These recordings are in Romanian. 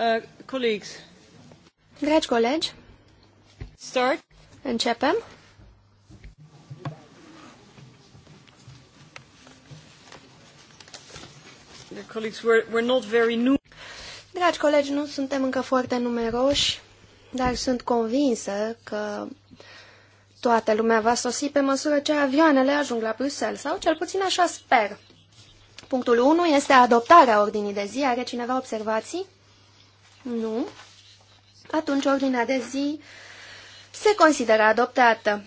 Uh, Dragi colegi, Start. începem. The colleagues were, were not very new. Dragi colegi, nu suntem încă foarte numeroși, dar sunt convinsă că toată lumea va sosi pe măsură ce avioanele ajung la Bruxelles, sau cel puțin așa sper. Punctul 1 este adoptarea ordinii de zi. Are cineva observații? Nu. Atunci ordinea de zi se consideră adoptată.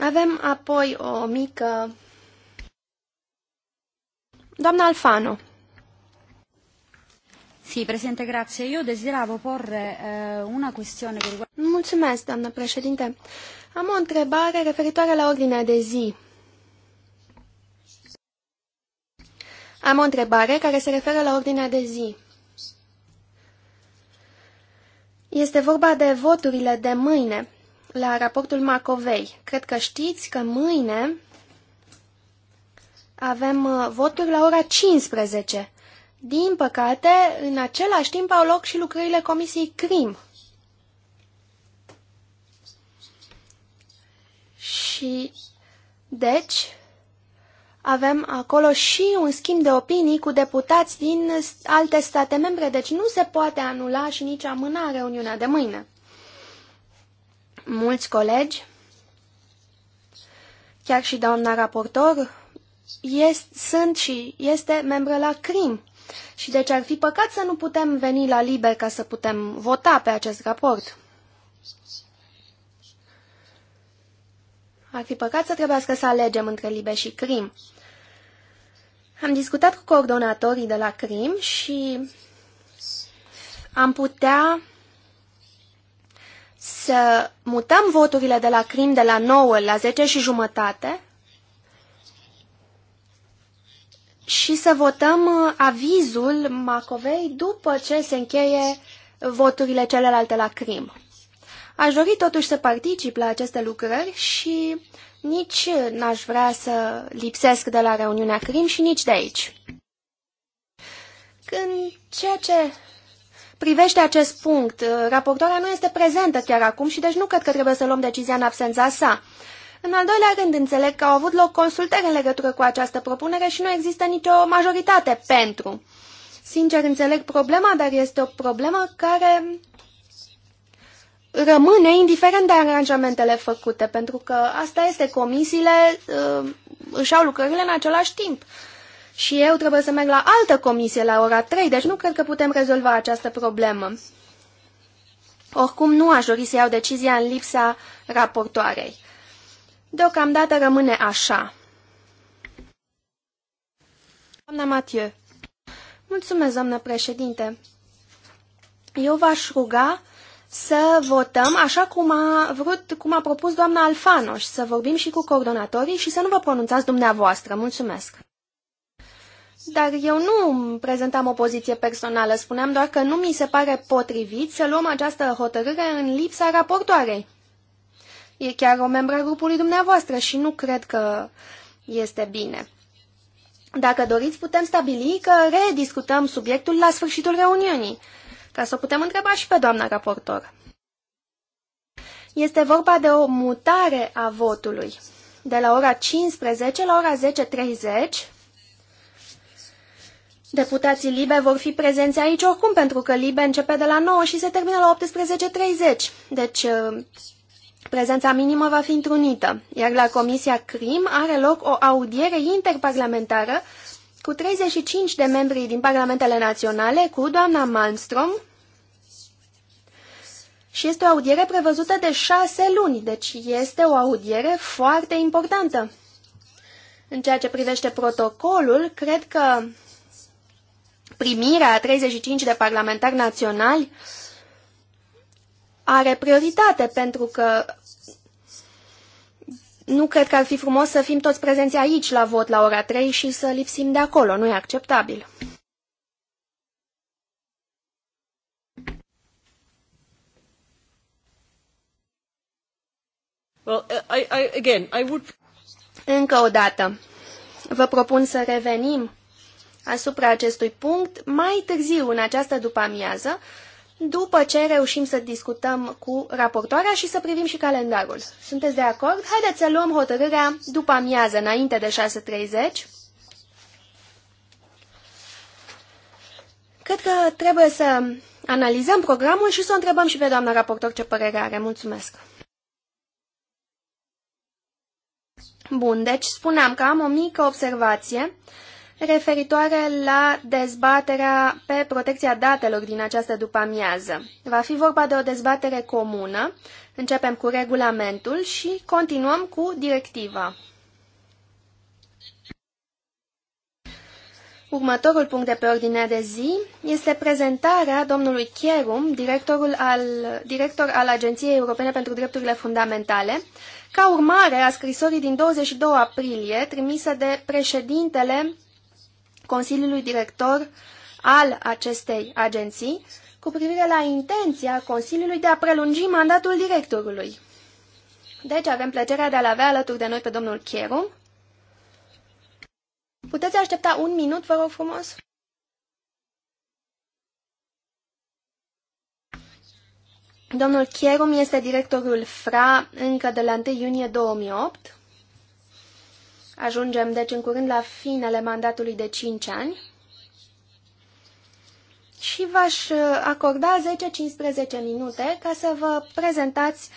Avem apoi o mică... Doamna Alfano. Sì, Presidente, grazie. Io desideravo porre eh, una questione che riguarda... Mulțumesc, doamnă președinte. Am o întrebare referitoare la ordinea de zi. Am o întrebare care se referă la ordinea de zi. Este vorba de voturile de mâine la raportul Macovei. Cred că știți că mâine avem uh, voturi la ora 15. Din păcate, în același timp au loc și lucrările Comisiei CRIM. Și, deci, avem acolo și un schimb de opinii cu deputați din alte state membre, deci nu se poate anula și nici amâna reuniunea de mâine. Mulți colegi, chiar și doamna raportor, este, sunt și este membră la CRIM. Și deci ar fi păcat să nu putem veni la liber ca să putem vota pe acest raport. Ar fi păcat să trebuiască să alegem între liber și crim. Am discutat cu coordonatorii de la CRIM și am putea să mutăm voturile de la CRIM de la 9 la 10 și jumătate și să votăm uh, avizul Macovei după ce se încheie voturile celelalte la CRIM. Aș dori totuși să particip la aceste lucrări și nici n-aș vrea să lipsesc de la reuniunea CRIM și nici de aici. Când ceea ce privește acest punct, raportoarea nu este prezentă chiar acum și deci nu cred că trebuie să luăm decizia în absența sa. În al doilea rând, înțeleg că au avut loc consultări în legătură cu această propunere și nu există nicio majoritate pentru. Sincer, înțeleg problema, dar este o problemă care rămâne indiferent de aranjamentele făcute, pentru că asta este, comisiile uh, își au lucrările în același timp. Și eu trebuie să merg la altă comisie la ora 3, deci nu cred că putem rezolva această problemă. Oricum, nu aș dori să iau decizia în lipsa raportoarei. Deocamdată rămâne așa. Doamna Mathieu. Mulțumesc, doamnă președinte. Eu v-aș ruga să votăm așa cum a vrut, cum a propus doamna Alfano și să vorbim și cu coordonatorii și să nu vă pronunțați dumneavoastră. Mulțumesc! Dar eu nu prezentam o poziție personală, spuneam doar că nu mi se pare potrivit să luăm această hotărâre în lipsa raportoarei. E chiar o membra grupului dumneavoastră și nu cred că este bine. Dacă doriți, putem stabili că rediscutăm subiectul la sfârșitul reuniunii ca să o putem întreba și pe doamna raportor. Este vorba de o mutare a votului de la ora 15 la ora 10.30. Deputații libe vor fi prezenți aici oricum, pentru că libe începe de la 9 și se termină la 18.30. Deci, uh, prezența minimă va fi întrunită. Iar la Comisia CRIM are loc o audiere interparlamentară cu 35 de membri din Parlamentele Naționale, cu doamna Malmström, și este o audiere prevăzută de șase luni, deci este o audiere foarte importantă. În ceea ce privește protocolul, cred că primirea a 35 de parlamentari naționali are prioritate pentru că nu cred că ar fi frumos să fim toți prezenți aici la vot la ora 3 și să lipsim de acolo. Nu e acceptabil. Well, I, I, again, I would... Încă o dată, vă propun să revenim asupra acestui punct mai târziu în această după-amiază după ce reușim să discutăm cu raportoarea și să privim și calendarul. Sunteți de acord? Haideți să luăm hotărârea după amiază, înainte de 6.30. Cred că trebuie să analizăm programul și să o întrebăm și pe doamna raportor ce părere are. Mulțumesc! Bun, deci spuneam că am o mică observație referitoare la dezbaterea pe protecția datelor din această după-amiază. Va fi vorba de o dezbatere comună. Începem cu regulamentul și continuăm cu directiva. Următorul punct de pe ordinea de zi este prezentarea domnului Chierum, directorul al, director al Agenției Europene pentru Drepturile Fundamentale, ca urmare a scrisorii din 22 aprilie trimisă de președintele Consiliului Director al acestei agenții cu privire la intenția Consiliului de a prelungi mandatul directorului. Deci avem plăcerea de a-l avea alături de noi pe domnul Chieru. Puteți aștepta un minut, vă rog frumos? Domnul Chierum este directorul FRA încă de la 1 iunie 2008 Ajungem, deci, în curând la finele mandatului de 5 ani și v-aș uh, acorda 10-15 minute ca să vă prezentați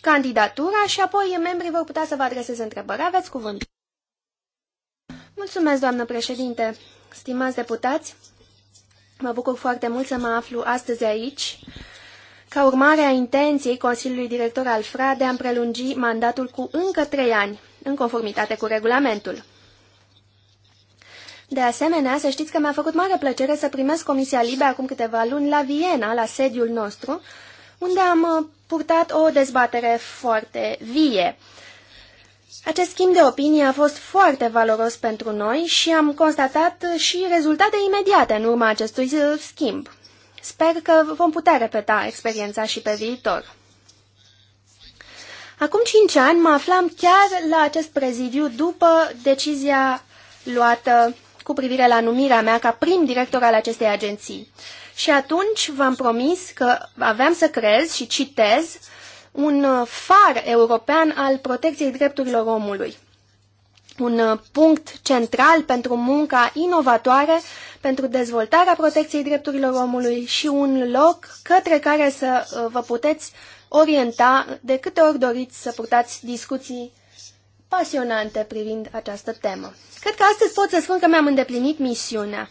candidatura și apoi membrii vor putea să vă adreseze întrebări. Aveți cuvânt. Mulțumesc, doamnă președinte, stimați deputați. Mă bucur foarte mult să mă aflu astăzi aici. Ca urmare a intenției Consiliului Director al FRA de a prelungi mandatul cu încă trei ani, în conformitate cu regulamentul. De asemenea, să știți că mi-a făcut mare plăcere să primesc Comisia Libe acum câteva luni la Viena, la sediul nostru, unde am uh, purtat o dezbatere foarte vie. Acest schimb de opinie a fost foarte valoros pentru noi și am constatat uh, și rezultate imediate în urma acestui uh, schimb. Sper că vom putea repeta experiența și pe viitor. Acum cinci ani mă aflam chiar la acest prezidiu după decizia luată cu privire la numirea mea ca prim director al acestei agenții. Și atunci v-am promis că aveam să crez și citez un far european al protecției drepturilor omului. Un punct central pentru munca inovatoare, pentru dezvoltarea protecției drepturilor omului și un loc către care să uh, vă puteți orienta de câte ori doriți să purtați discuții pasionante privind această temă. Cred că astăzi pot să spun că mi-am îndeplinit misiunea.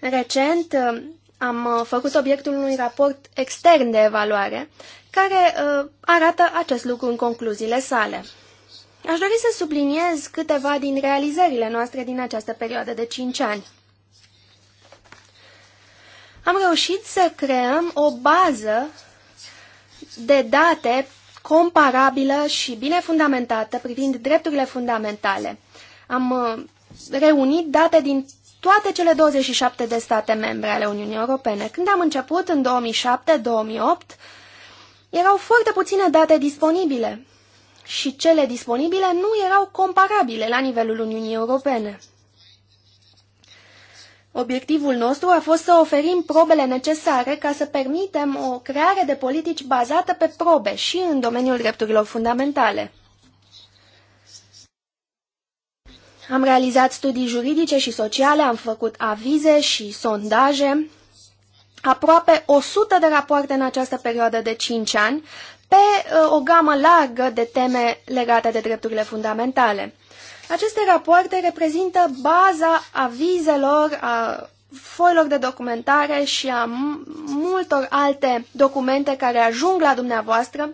Recent uh, am uh, făcut obiectul unui raport extern de evaluare care uh, arată acest lucru în concluziile sale. Aș dori să subliniez câteva din realizările noastre din această perioadă de 5 ani am reușit să creăm o bază de date comparabilă și bine fundamentată privind drepturile fundamentale. Am uh, reunit date din toate cele 27 de state membre ale Uniunii Europene. Când am început în 2007-2008, erau foarte puține date disponibile și cele disponibile nu erau comparabile la nivelul Uniunii Europene. Obiectivul nostru a fost să oferim probele necesare ca să permitem o creare de politici bazată pe probe și în domeniul drepturilor fundamentale. Am realizat studii juridice și sociale, am făcut avize și sondaje, aproape 100 de rapoarte în această perioadă de 5 ani, pe uh, o gamă largă de teme legate de drepturile fundamentale. Aceste rapoarte reprezintă baza avizelor, a foilor de documentare și a multor alte documente care ajung la dumneavoastră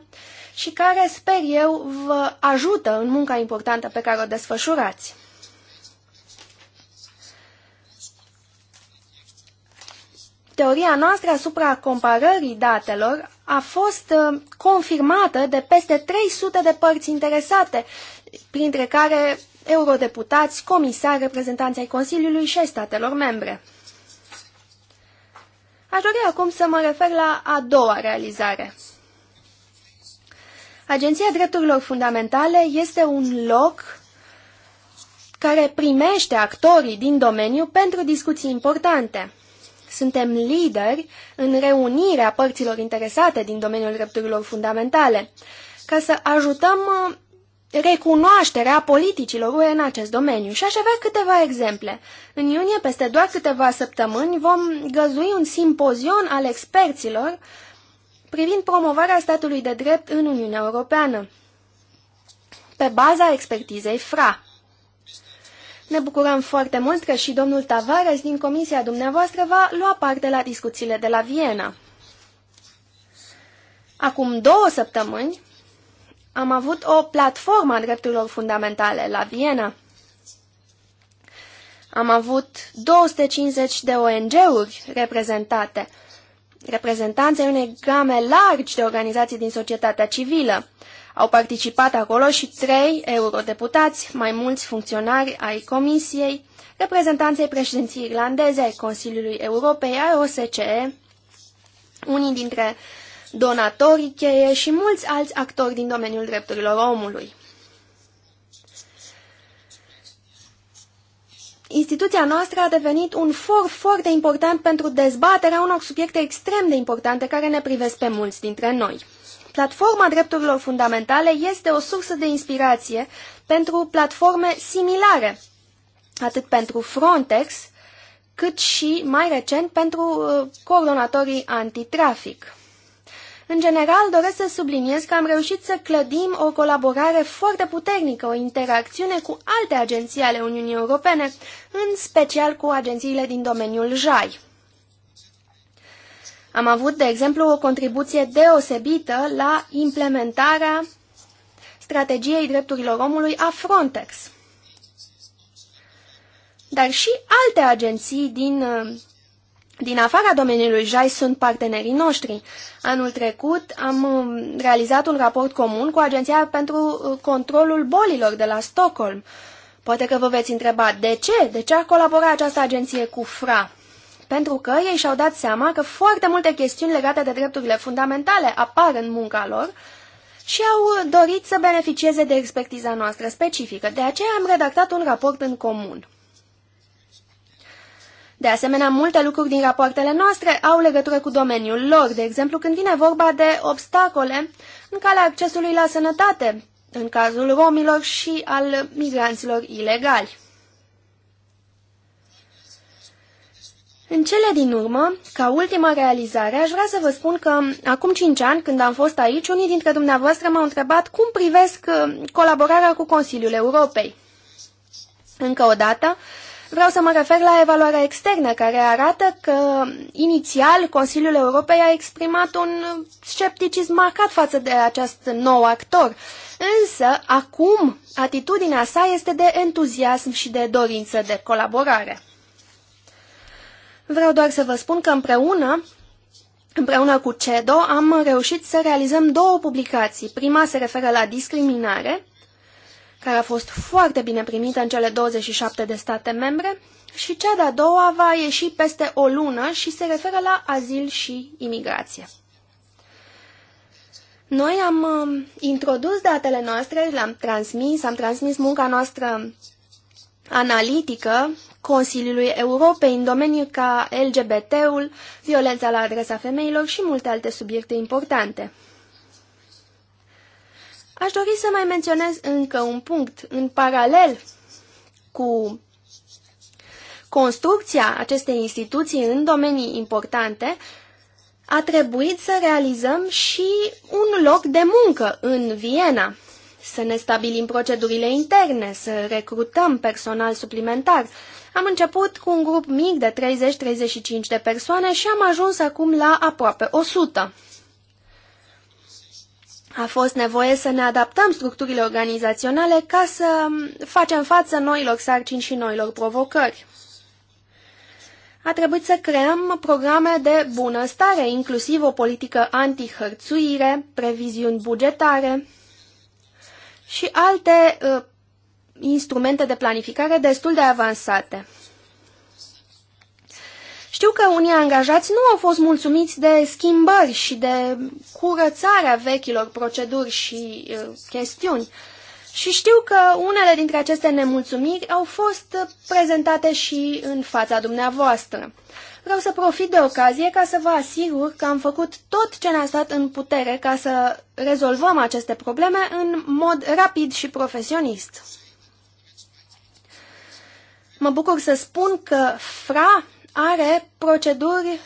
și care, sper eu, vă ajută în munca importantă pe care o desfășurați. Teoria noastră asupra comparării datelor a fost uh, confirmată de peste 300 de părți interesate, printre care eurodeputați, comisari, reprezentanți ai Consiliului și ai statelor membre. Aș dori acum să mă refer la a doua realizare. Agenția Drepturilor Fundamentale este un loc care primește actorii din domeniu pentru discuții importante. Suntem lideri în reunirea părților interesate din domeniul drepturilor fundamentale, ca să ajutăm recunoașterea politicilor UE în acest domeniu. Și aș avea câteva exemple. În iunie, peste doar câteva săptămâni, vom găzui un simpozion al experților privind promovarea statului de drept în Uniunea Europeană, pe baza expertizei FRA. Ne bucurăm foarte mult că și domnul Tavares din comisia dumneavoastră va lua parte la discuțiile de la Viena. Acum două săptămâni, am avut o platformă a drepturilor fundamentale la Viena. Am avut 250 de ONG-uri reprezentate, reprezentanțe unei game largi de organizații din societatea civilă. Au participat acolo și trei eurodeputați, mai mulți funcționari ai Comisiei, reprezentanței președinției irlandeze ai Consiliului Europei, ai OSCE, unii dintre uh, donatorii cheie și mulți alți actori din domeniul drepturilor omului. Instituția noastră a devenit un for foarte important pentru dezbaterea unor subiecte extrem de importante care ne privesc pe mulți dintre noi. Platforma Drepturilor Fundamentale este o sursă de inspirație pentru platforme similare, atât pentru Frontex, cât și, mai recent, pentru uh, coordonatorii antitrafic. În general, doresc să subliniez că am reușit să clădim o colaborare foarte puternică, o interacțiune cu alte agenții ale Uniunii Europene, în special cu agențiile din domeniul JAI. Am avut, de exemplu, o contribuție deosebită la implementarea strategiei drepturilor omului a Frontex. Dar și alte agenții din uh, din afara domeniului JAI sunt partenerii noștri. Anul trecut am um, realizat un raport comun cu Agenția pentru uh, Controlul Bolilor de la Stockholm. Poate că vă veți întreba de ce, de ce a colaborat această agenție cu FRA. Pentru că ei și-au dat seama că foarte multe chestiuni legate de drepturile fundamentale apar în munca lor și au uh, dorit să beneficieze de expertiza noastră specifică. De aceea am redactat un raport în comun. De asemenea, multe lucruri din rapoartele noastre au legătură cu domeniul lor, de exemplu când vine vorba de obstacole în calea accesului la sănătate, în cazul romilor și al migranților ilegali. În cele din urmă, ca ultima realizare, aș vrea să vă spun că acum 5 ani, când am fost aici, unii dintre dumneavoastră m-au întrebat cum privesc uh, colaborarea cu Consiliul Europei. Încă o dată, Vreau să mă refer la evaluarea externă, care arată că inițial Consiliul Europei a exprimat un scepticism marcat față de acest nou actor, însă acum atitudinea sa este de entuziasm și de dorință de colaborare. Vreau doar să vă spun că împreună Împreună cu CEDO am reușit să realizăm două publicații. Prima se referă la discriminare care a fost foarte bine primită în cele 27 de state membre, și cea de-a doua va ieși peste o lună și se referă la azil și imigrație. Noi am um, introdus datele noastre, le-am transmis, am transmis munca noastră analitică Consiliului Europei în domeniul ca LGBT-ul, violența la adresa femeilor și multe alte subiecte importante. Aș dori să mai menționez încă un punct. În paralel cu construcția acestei instituții în domenii importante, a trebuit să realizăm și un loc de muncă în Viena, să ne stabilim procedurile interne, să recrutăm personal suplimentar. Am început cu un grup mic de 30-35 de persoane și am ajuns acum la aproape 100 a fost nevoie să ne adaptăm structurile organizaționale ca să facem față noilor sarcini și noilor provocări. A trebuit să creăm programe de bunăstare, inclusiv o politică antihărțuire, previziuni bugetare și alte uh, instrumente de planificare destul de avansate. Știu că unii angajați nu au fost mulțumiți de schimbări și de curățarea vechilor proceduri și uh, chestiuni. Și știu că unele dintre aceste nemulțumiri au fost prezentate și în fața dumneavoastră. Vreau să profit de ocazie ca să vă asigur că am făcut tot ce ne-a stat în putere ca să rezolvăm aceste probleme în mod rapid și profesionist. Mă bucur să spun că FRA are proceduri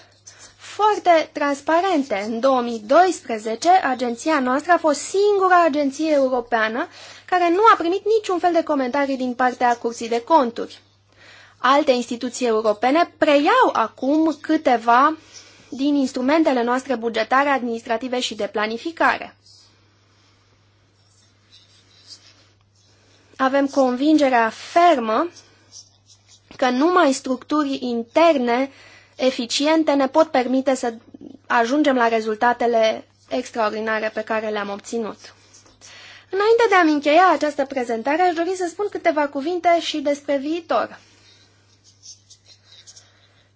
foarte transparente. În 2012, agenția noastră a fost singura agenție europeană care nu a primit niciun fel de comentarii din partea Curții de Conturi. Alte instituții europene preiau acum câteva din instrumentele noastre bugetare, administrative și de planificare. Avem convingerea fermă că numai structuri interne eficiente ne pot permite să ajungem la rezultatele extraordinare pe care le-am obținut. Înainte de a-mi încheia această prezentare, aș dori să spun câteva cuvinte și despre viitor.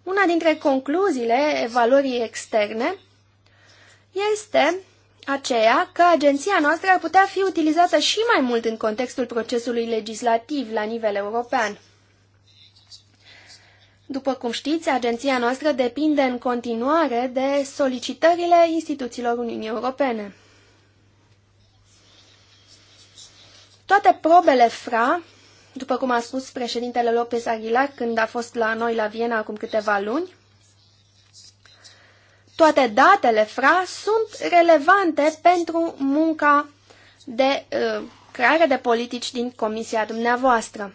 Una dintre concluziile evaluării externe este aceea că agenția noastră ar putea fi utilizată și mai mult în contextul procesului legislativ la nivel european. După cum știți, agenția noastră depinde în continuare de solicitările instituțiilor Uniunii Europene. Toate probele FRA, după cum a spus președintele López Aguilar când a fost la noi la Viena acum câteva luni, toate datele FRA sunt relevante pentru munca de uh, creare de politici din comisia dumneavoastră.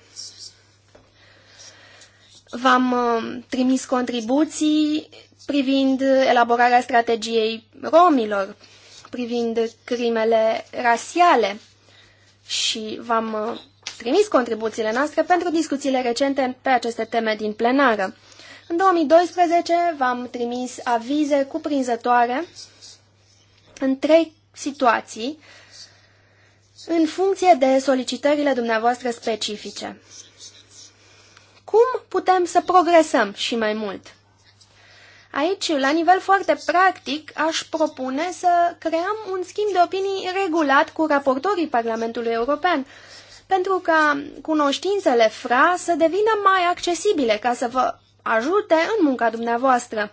V-am uh, trimis contribuții privind elaborarea strategiei romilor, privind crimele rasiale și v-am uh, trimis contribuțiile noastre pentru discuțiile recente pe aceste teme din plenară. În 2012 v-am trimis avize cuprinzătoare în trei situații, în funcție de solicitările dumneavoastră specifice cum putem să progresăm și mai mult. Aici, la nivel foarte practic, aș propune să creăm un schimb de opinii regulat cu raportorii Parlamentului European, pentru ca cunoștințele FRA să devină mai accesibile, ca să vă ajute în munca dumneavoastră.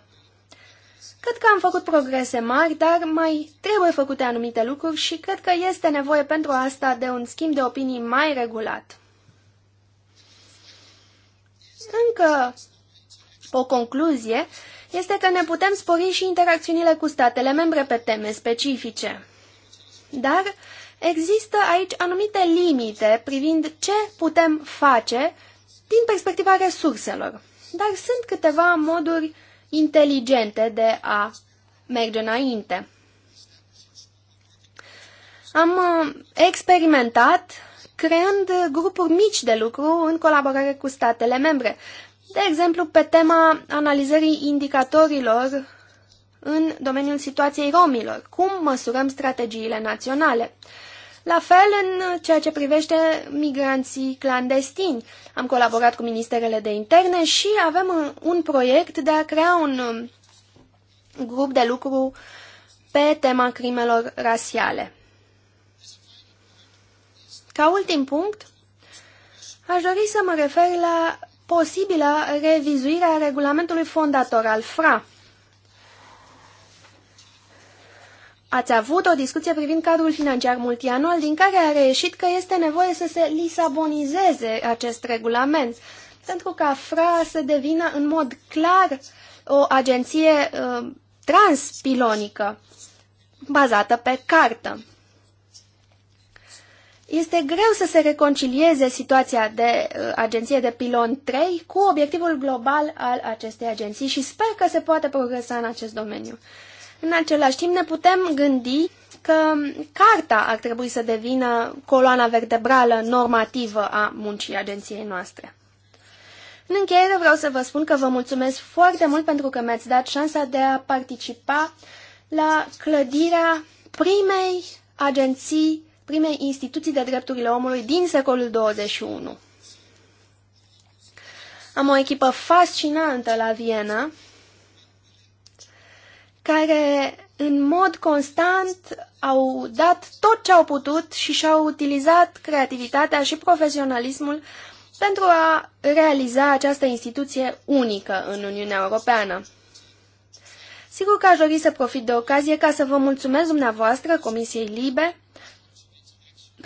Cred că am făcut progrese mari, dar mai trebuie făcute anumite lucruri și cred că este nevoie pentru asta de un schimb de opinii mai regulat. Încă o concluzie este că ne putem spori și interacțiunile cu statele membre pe teme specifice. Dar există aici anumite limite privind ce putem face din perspectiva resurselor. Dar sunt câteva moduri inteligente de a merge înainte. Am uh, experimentat creând grupuri mici de lucru în colaborare cu statele membre. De exemplu, pe tema analizării indicatorilor în domeniul situației romilor, cum măsurăm strategiile naționale. La fel, în ceea ce privește migranții clandestini, am colaborat cu ministerele de interne și avem un proiect de a crea un grup de lucru pe tema crimelor rasiale. Ca ultim punct, aș dori să mă refer la posibilă revizuire a regulamentului fondator al FRA. Ați avut o discuție privind cadrul financiar multianual din care a reieșit că este nevoie să se lisabonizeze acest regulament pentru ca FRA să devină în mod clar o agenție uh, transpilonică bazată pe cartă. Este greu să se reconcilieze situația de uh, agenție de pilon 3 cu obiectivul global al acestei agenții și sper că se poate progresa în acest domeniu. În același timp ne putem gândi că carta ar trebui să devină coloana vertebrală normativă a muncii agenției noastre. În încheiere vreau să vă spun că vă mulțumesc foarte mult pentru că mi-ați dat șansa de a participa la clădirea primei agenții primei instituții de drepturile omului din secolul 21. Am o echipă fascinantă la Viena, care în mod constant au dat tot ce au putut și și-au utilizat creativitatea și profesionalismul pentru a realiza această instituție unică în Uniunea Europeană. Sigur că aș dori să profit de ocazie ca să vă mulțumesc dumneavoastră, Comisiei Libe,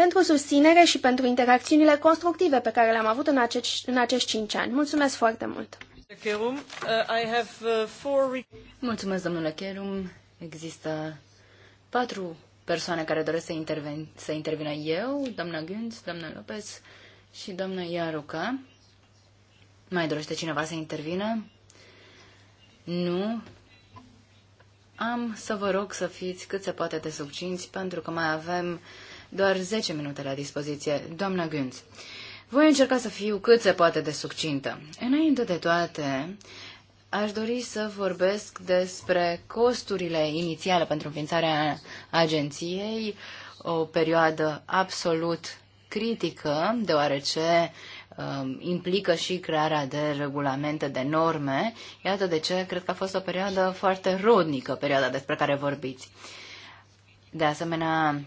pentru susținere și pentru interacțiunile constructive pe care le-am avut în acești, în acești cinci ani. Mulțumesc foarte mult! Uh, uh, Mulțumesc, domnule Kerum. Există patru persoane care doresc să, interven, să intervină eu, doamna Gânț, doamna Lopez și doamna Iaruca. Mai dorește cineva să intervină? Nu. Am să vă rog să fiți cât se poate de subcinți, pentru că mai avem doar 10 minute la dispoziție. Doamna Gânț, voi încerca să fiu cât se poate de succintă. Înainte de toate, aș dori să vorbesc despre costurile inițiale pentru înființarea agenției, o perioadă absolut critică, deoarece um, implică și crearea de regulamente, de norme. Iată de ce cred că a fost o perioadă foarte rodnică, perioada despre care vorbiți. De asemenea,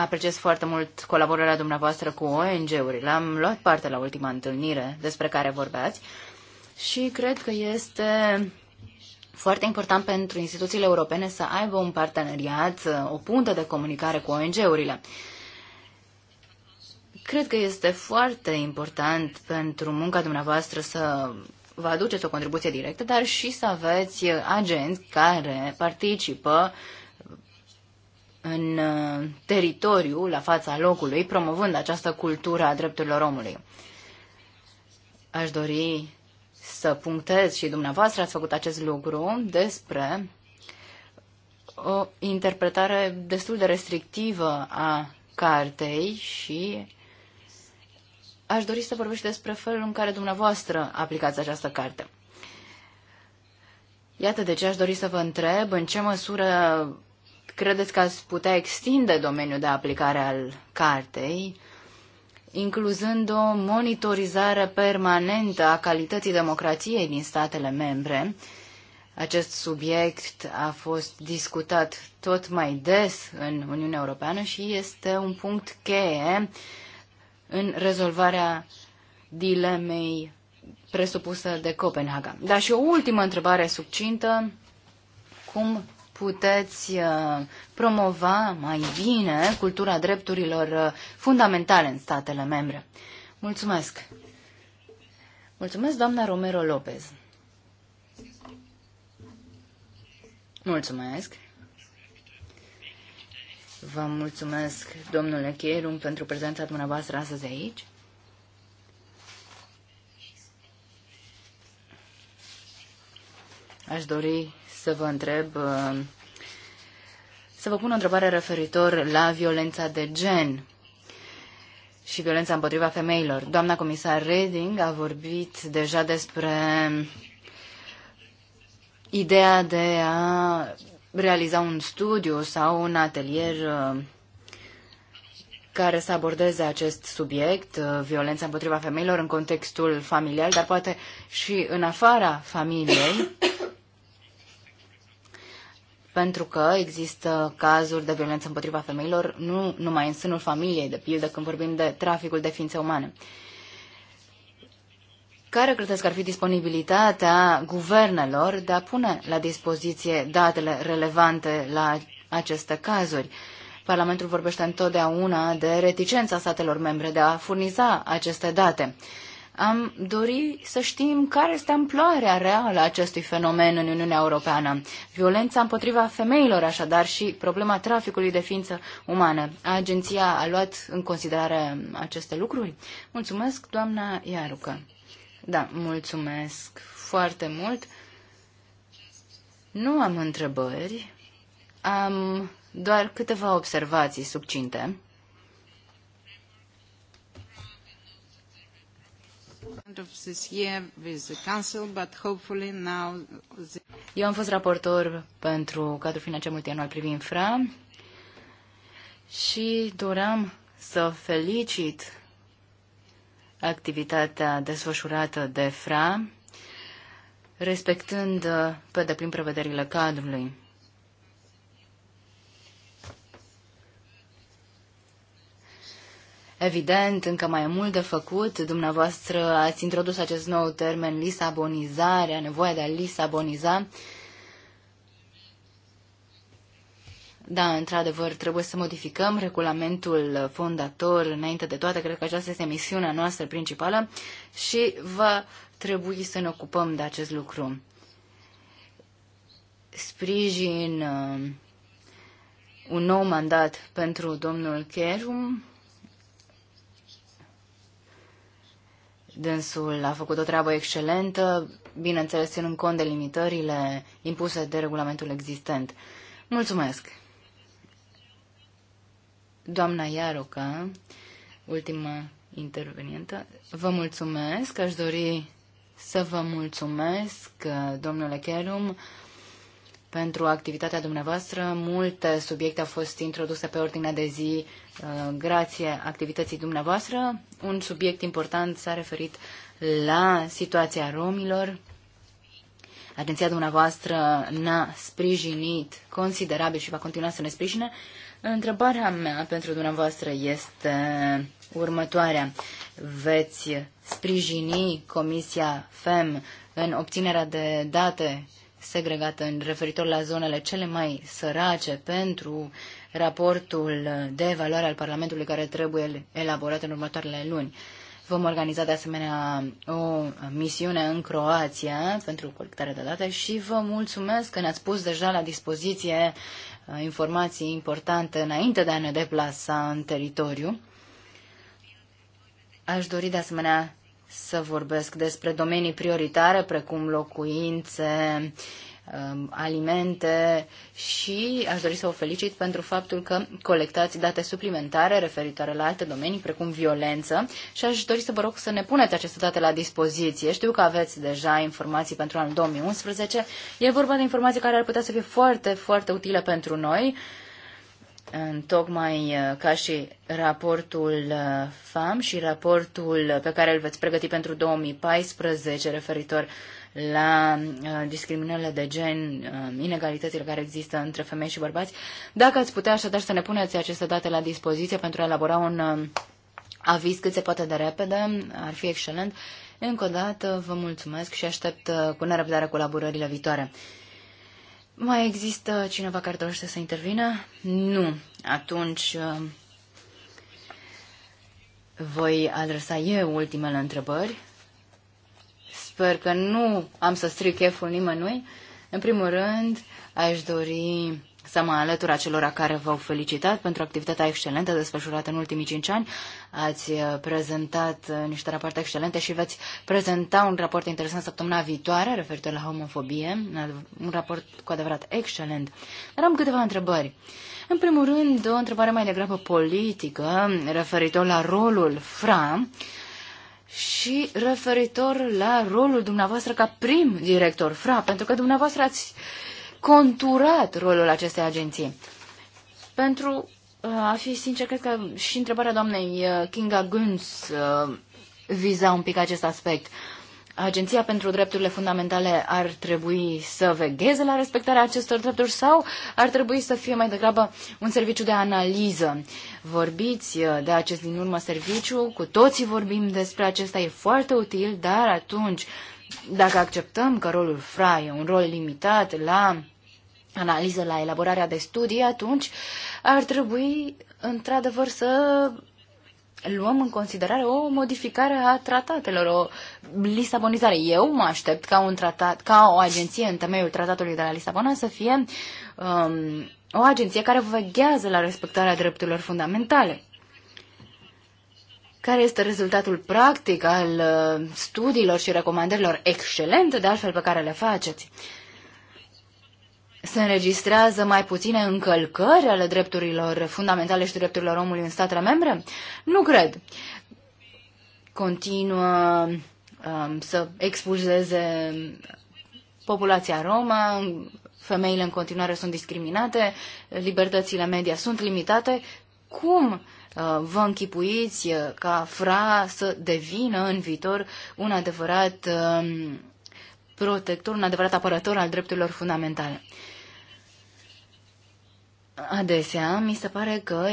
Apreciez foarte mult colaborarea dumneavoastră cu ONG-urile. Am luat parte la ultima întâlnire despre care vorbeați și cred că este foarte important pentru instituțiile europene să aibă un parteneriat, o puntă de comunicare cu ONG-urile. Cred că este foarte important pentru munca dumneavoastră să vă aduceți o contribuție directă, dar și să aveți agenți care participă uh, în uh, teritoriu, la fața locului, promovând această cultură a drepturilor omului. Aș dori să punctez și dumneavoastră ați făcut acest lucru despre o interpretare destul de restrictivă a cartei și aș dori să vorbesc despre felul în care dumneavoastră aplicați această carte. Iată de ce aș dori să vă întreb în ce măsură credeți că ați putea extinde domeniul de aplicare al cartei, incluzând o monitorizare permanentă a calității democrației din statele membre? Acest subiect a fost discutat tot mai des în Uniunea Europeană și este un punct cheie în rezolvarea dilemei presupusă de Copenhaga. Dar și o ultimă întrebare subcintă. Cum puteți uh, promova mai bine cultura drepturilor uh, fundamentale în statele membre. Mulțumesc! Mulțumesc, doamna Romero Lopez. Mulțumesc! Vă mulțumesc, domnule Chierum, pentru prezența dumneavoastră astăzi aici. Aș dori să vă întreb, uh, să vă pun o întrebare referitor la violența de gen și violența împotriva femeilor. Doamna comisar Reding a vorbit deja despre ideea de a realiza un studiu sau un atelier uh, care să abordeze acest subiect, uh, violența împotriva femeilor, în contextul familial, dar poate și în afara familiei pentru că există cazuri de violență împotriva femeilor, nu numai în sânul familiei, de pildă când vorbim de traficul de ființe umane. Care credeți că ar fi disponibilitatea guvernelor de a pune la dispoziție datele relevante la aceste cazuri? Parlamentul vorbește întotdeauna de reticența statelor membre de a furniza aceste date. Am dori să știm care este amploarea reală a acestui fenomen în Uniunea Europeană. Violența împotriva femeilor, așadar, și problema traficului de ființă umană. Agenția a luat în considerare aceste lucruri? Mulțumesc, doamna Iarucă. Da, mulțumesc foarte mult. Nu am întrebări, am doar câteva observații subcinte. Eu am fost raportor pentru cadrul financiar multianual privind FRA și doream să felicit activitatea desfășurată de FRA, respectând pe deplin prevederile cadrului. Evident, încă mai e mult de făcut. Dumneavoastră ați introdus acest nou termen, lisabonizarea, nevoia de a lisaboniza. Da, într-adevăr, trebuie să modificăm regulamentul fondator înainte de toate. Cred că aceasta este misiunea noastră principală și va trebui să ne ocupăm de acest lucru. Sprijin uh, un nou mandat pentru domnul Kerum Dânsul a făcut o treabă excelentă, bineînțeles ținând cont de limitările impuse de regulamentul existent. Mulțumesc! Doamna Iaroca, ultima intervenientă, vă mulțumesc, aș dori să vă mulțumesc, domnule Kerum pentru activitatea dumneavoastră. Multe subiecte au fost introduse pe ordinea de zi uh, grație activității dumneavoastră. Un subiect important s-a referit la situația romilor. Atenția dumneavoastră ne-a sprijinit considerabil și va continua să ne sprijine. Întrebarea mea pentru dumneavoastră este următoarea. Veți sprijini Comisia FEM în obținerea de date segregată în referitor la zonele cele mai sărace pentru raportul de evaluare al Parlamentului care trebuie elaborat în următoarele luni. Vom organiza de asemenea o misiune în Croația pentru colectarea de date și vă mulțumesc că ne-ați pus deja la dispoziție uh, informații importante înainte de a ne deplasa în teritoriu. Aș dori de asemenea să vorbesc despre domenii prioritare precum locuințe, um, alimente și aș dori să o felicit pentru faptul că colectați date suplimentare referitoare la alte domenii, precum violență și aș dori să vă rog să ne puneți aceste date la dispoziție. Știu că aveți deja informații pentru anul 2011. E vorba de informații care ar putea să fie foarte, foarte utile pentru noi în tocmai uh, ca și raportul uh, FAM și raportul uh, pe care îl veți pregăti pentru 2014 referitor la discriminările de gen, inegalitățile care există între femei și bărbați. Dacă ați putea așadar să ne puneți aceste date la dispoziție pentru a elabora un aviz cât se poate de repede, ar fi excelent. Încă o dată vă mulțumesc și aștept cu nerăbdare colaborările viitoare. Mai există cineva care dorește să intervină? Nu. Atunci uh, voi adresa eu ultimele întrebări. Sper că nu am să stric cheful nimănui. În primul rând, aș dori să mă alătur acelora care v-au felicitat pentru activitatea excelentă desfășurată în ultimii cinci ani. Ați uh, prezentat uh, niște rapoarte excelente și veți prezenta un raport interesant săptămâna viitoare referitor la homofobie, un raport cu adevărat excelent. Dar am câteva întrebări. În primul rând, o întrebare mai degrabă politică referitor la rolul FRA și referitor la rolul dumneavoastră ca prim director FRA, pentru că dumneavoastră ați uh, conturat rolul acestei agenții. Pentru uh, a fi sincer, cred că și întrebarea doamnei uh, Kinga Guns uh, viza un pic acest aspect. Agenția pentru Drepturile Fundamentale ar trebui să vegheze la respectarea acestor drepturi sau ar trebui să fie mai degrabă un serviciu de analiză? Vorbiți de acest din urmă serviciu, cu toții vorbim despre acesta, e foarte util, dar atunci dacă acceptăm că rolul frai e un rol limitat la analiză, la elaborarea de studii, atunci ar trebui într-adevăr să luăm în considerare o modificare a tratatelor, o lisabonizare. Eu mă aștept ca, un tratat, ca o agenție în temeiul tratatului de la Lisabona să fie um, o agenție care veghează la respectarea drepturilor fundamentale care este rezultatul practic al uh, studiilor și recomandărilor excelente, de altfel pe care le faceți. Se înregistrează mai puține încălcări ale drepturilor fundamentale și drepturilor omului în statele membre? Nu cred. Continuă um, să expulzeze populația romă, femeile în continuare sunt discriminate, libertățile media sunt limitate. Cum uh, Uh, vă închipuiți uh, ca FRA să devină în viitor un adevărat um, protector, un adevărat apărător al drepturilor fundamentale. Adesea, mi se pare că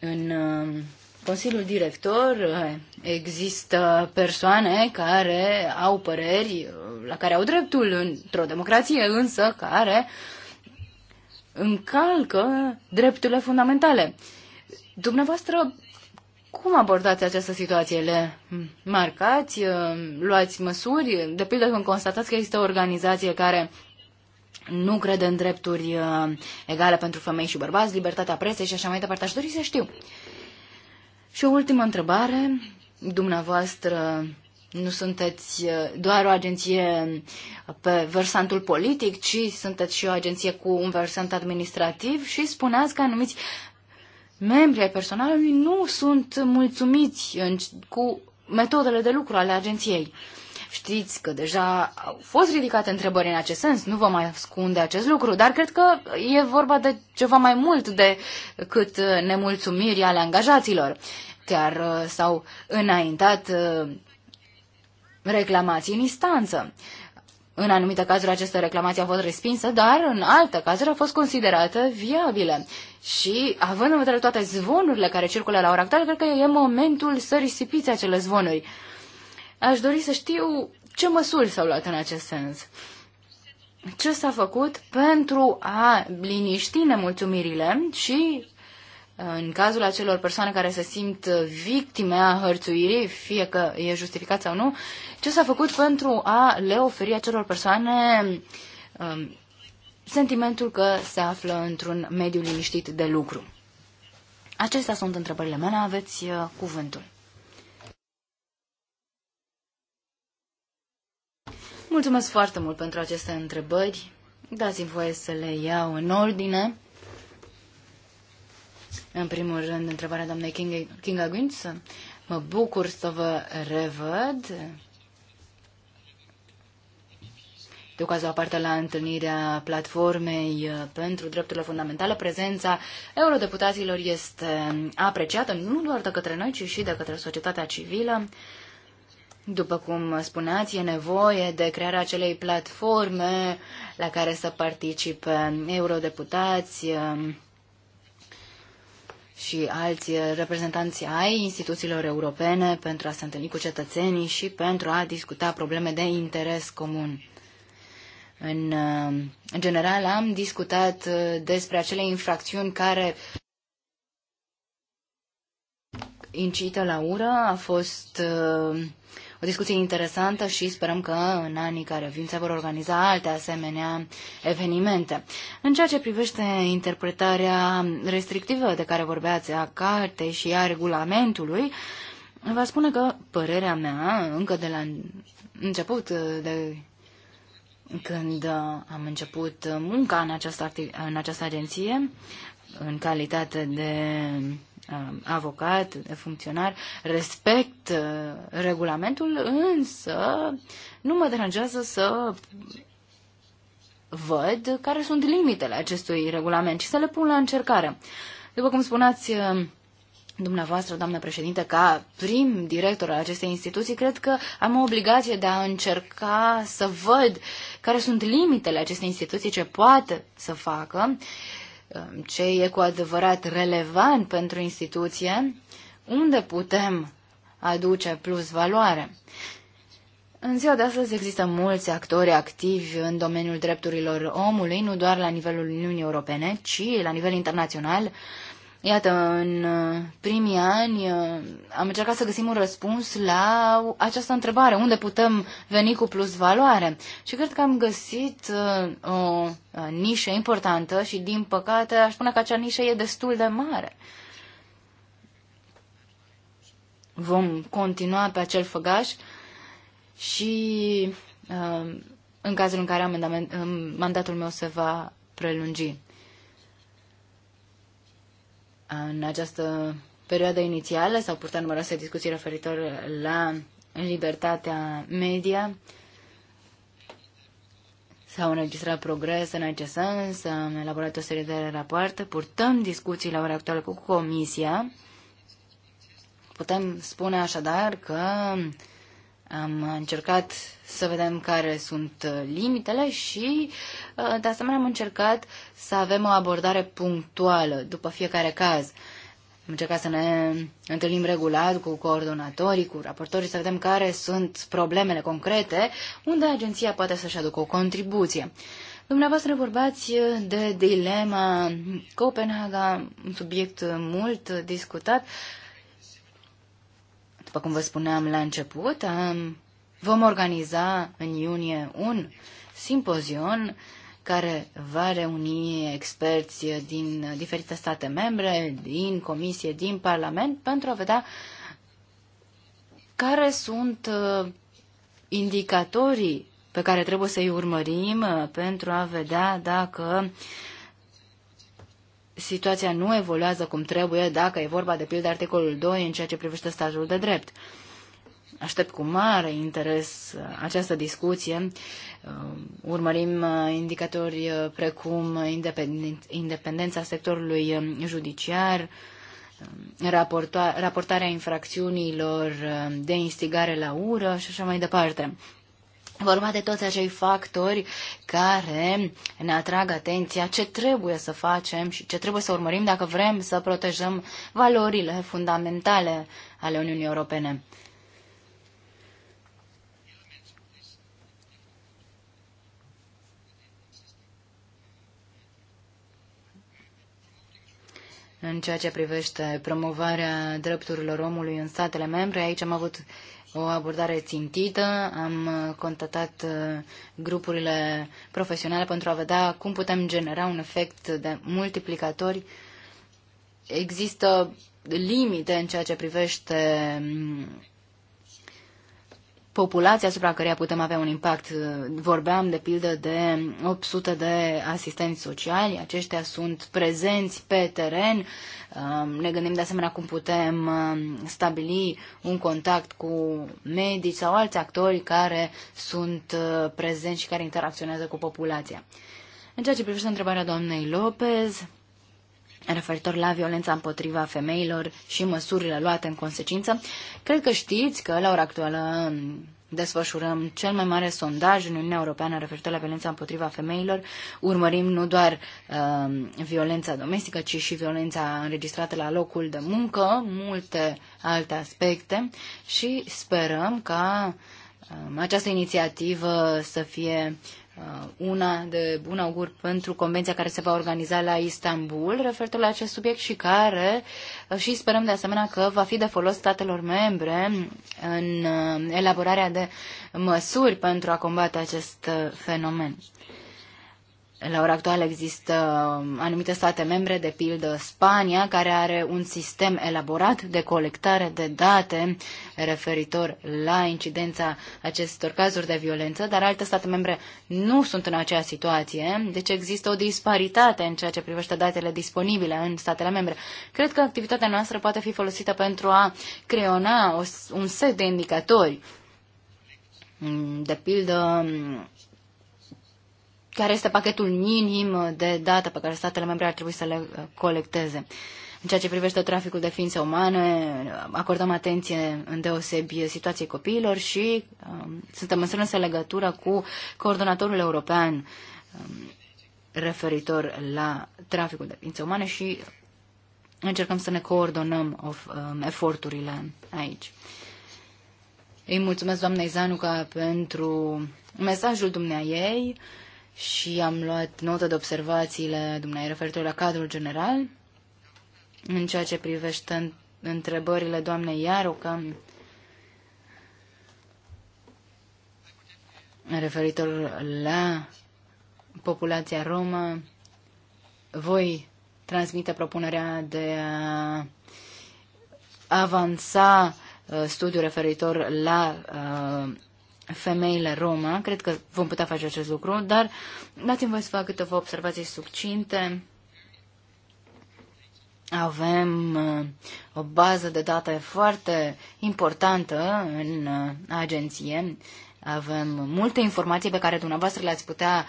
în um, Consiliul Director uh, există persoane care au păreri la care au dreptul într-o democrație, însă care încalcă drepturile fundamentale. Dumneavoastră, cum abordați această situație? Le marcați? Uh, luați măsuri? De pildă când constatați că există o organizație care nu crede în drepturi uh, egale pentru femei și bărbați, libertatea presei și așa mai departe. Aș dori să știu. Și o ultimă întrebare. Dumneavoastră nu sunteți uh, doar o agenție pe versantul politic, ci sunteți și o agenție cu un versant administrativ și spuneați că anumiți membrii ai personalului nu sunt mulțumiți în, cu metodele de lucru ale agenției. Știți că deja au fost ridicate întrebări în acest sens, nu vă mai ascunde acest lucru, dar cred că e vorba de ceva mai mult decât uh, nemulțumiri ale angajaților. Chiar uh, s-au înaintat uh, reclamații în instanță. În anumite cazuri această reclamație a fost respinsă, dar în alte cazuri a fost considerată viabilă. Și având în vedere toate zvonurile care circulă la ora actuală, cred că e momentul să risipiți acele zvonuri. Aș dori să știu ce măsuri s-au luat în acest sens. Ce s-a făcut pentru a liniști nemulțumirile și în cazul acelor persoane care se simt victime a hărțuirii, fie că e justificat sau nu, ce s-a făcut pentru a le oferi acelor persoane um, sentimentul că se află într-un mediu liniștit de lucru? Acestea sunt întrebările mele, aveți uh, cuvântul. Mulțumesc foarte mult pentru aceste întrebări. Dați-mi voie să le iau în ordine. În primul rând, întrebarea doamnei Kinga, Kinga Mă bucur să vă revăd. Duc azi aparte la întâlnirea platformei uh, pentru drepturile fundamentale. Prezența eurodeputaților este apreciată nu doar de către noi, ci și de către societatea civilă. După cum spuneați, e nevoie de crearea acelei platforme la care să participe eurodeputați, uh, și alți reprezentanți ai instituțiilor europene pentru a se întâlni cu cetățenii și pentru a discuta probleme de interes comun. În, uh, în general am discutat uh, despre acele infracțiuni care incită la ură. A fost uh, discuție interesantă și sperăm că în anii care vin se vor organiza alte asemenea evenimente. În ceea ce privește interpretarea restrictivă de care vorbeați a cartei și a regulamentului, vă spune că părerea mea, încă de la început de când am început munca în această, în această agenție, în calitate de avocat, de funcționar, respect uh, regulamentul, însă nu mă deranjează să văd care sunt limitele acestui regulament și să le pun la încercare. După cum spuneați, uh, dumneavoastră, doamnă președinte, ca prim director al acestei instituții, cred că am o obligație de a încerca să văd care sunt limitele acestei instituții, ce poate să facă Ehm, ce e cu adevărat relevant pentru instituție, unde putem aduce plus valoare. În ziua de astăzi există mulți actori activi în domeniul drepturilor omului, nu doar la nivelul Uniunii Europene, ci la nivel internațional, Iată, în uh, primii ani uh, am încercat să găsim un răspuns la această întrebare, unde putem veni cu plus valoare. Și cred că am găsit uh, o nișă importantă și, din păcate, aș spune că acea nișă e destul de mare. Vom continua pe acel făgaș și în cazul în care amendament, mandatul meu se va prelungi. În această perioadă inițială s-au purtat numeroase discuții referitor la libertatea media. S-au înregistrat progres în acest sens, am elaborat o serie de rapoarte, purtăm discuții la ora actuală cu Comisia. Putem spune așadar că am încercat să vedem care sunt uh, limitele și, uh, de asemenea, am încercat să avem o abordare punctuală după fiecare caz. Am încercat să ne întâlnim regulat cu coordonatorii, cu raportorii, să vedem care sunt problemele concrete unde agenția poate să-și aducă o contribuție. Dumneavoastră vorbați uh, de dilema Copenhaga, un subiect mult discutat. Uh, după cum vă spuneam la început, am, vom organiza în iunie un simpozion care va reuni experți din diferite state membre, din comisie, din parlament, pentru a vedea care sunt uh, indicatorii pe care trebuie să-i urmărim uh, pentru a vedea dacă uh, situația nu evoluează cum trebuie dacă e vorba de pildă articolul 2 în ceea ce privește statul de drept. Aștept cu mare interes uh, această discuție. Uh, urmărim uh, indicatori precum independența sectorului um, judiciar, um, raportarea infracțiunilor de instigare la ură și așa mai departe. Vorba de toți acei factori care ne atrag atenția ce trebuie să facem și ce trebuie să urmărim dacă vrem să protejăm valorile fundamentale ale Uniunii Europene. În ceea ce privește promovarea drepturilor omului în statele membre, aici am avut o abordare țintită, am uh, contactat uh, grupurile profesionale pentru a vedea cum putem genera un efect de multiplicatori. Există limite în ceea ce privește mm, populația asupra căreia putem avea un impact. Vorbeam, de pildă, de 800 de asistenți sociali. Aceștia sunt prezenți pe teren. Um, ne gândim, de asemenea, cum putem um, stabili un contact cu medici sau alți actori care sunt uh, prezenți și care interacționează cu populația. În ceea ce privește întrebarea doamnei Lopez, referitor la violența împotriva femeilor și măsurile luate în consecință. Cred că știți că la ora actuală desfășurăm cel mai mare sondaj în Uniunea Europeană referitor la violența împotriva femeilor. Urmărim nu doar uh, violența domestică, ci și violența înregistrată la locul de muncă, multe alte aspecte și sperăm ca uh, această inițiativă să fie uh, Uh, una de bun augur pentru convenția care se va organiza la Istanbul referitor la acest subiect și care uh, și sperăm de asemenea că va fi de folos statelor membre în uh, elaborarea de măsuri pentru a combate acest fenomen. La ora actuală există um, anumite state membre, de pildă Spania, care are un sistem elaborat de colectare de date referitor la incidența acestor cazuri de violență, dar alte state membre nu sunt în acea situație, deci există o disparitate în ceea ce privește datele disponibile în statele membre. Cred că activitatea noastră poate fi folosită pentru a creona un set de indicatori de pildă, care este pachetul minim de date pe care statele membre ar trebui să le uh, colecteze. În ceea ce privește traficul de ființe umane, acordăm atenție în deosebi situației copiilor și um, suntem în strânsă legătură cu coordonatorul european um, referitor la traficul de ființe umane și încercăm să ne coordonăm of, um, eforturile aici. Îi mulțumesc doamnei Zanuca pentru mesajul dumneai ei și am luat notă de observațiile dumneavoastră referitor la cadrul general. În ceea ce privește întrebările doamnei cam referitor la populația romă, voi transmite propunerea de a avansa uh, studiul referitor la uh, femeile Roma. Cred că vom putea face acest lucru, dar dați-mi voi să fac câteva observații succinte. Avem uh, o bază de date foarte importantă în uh, agenție. Avem multe informații pe care dumneavoastră le-ați putea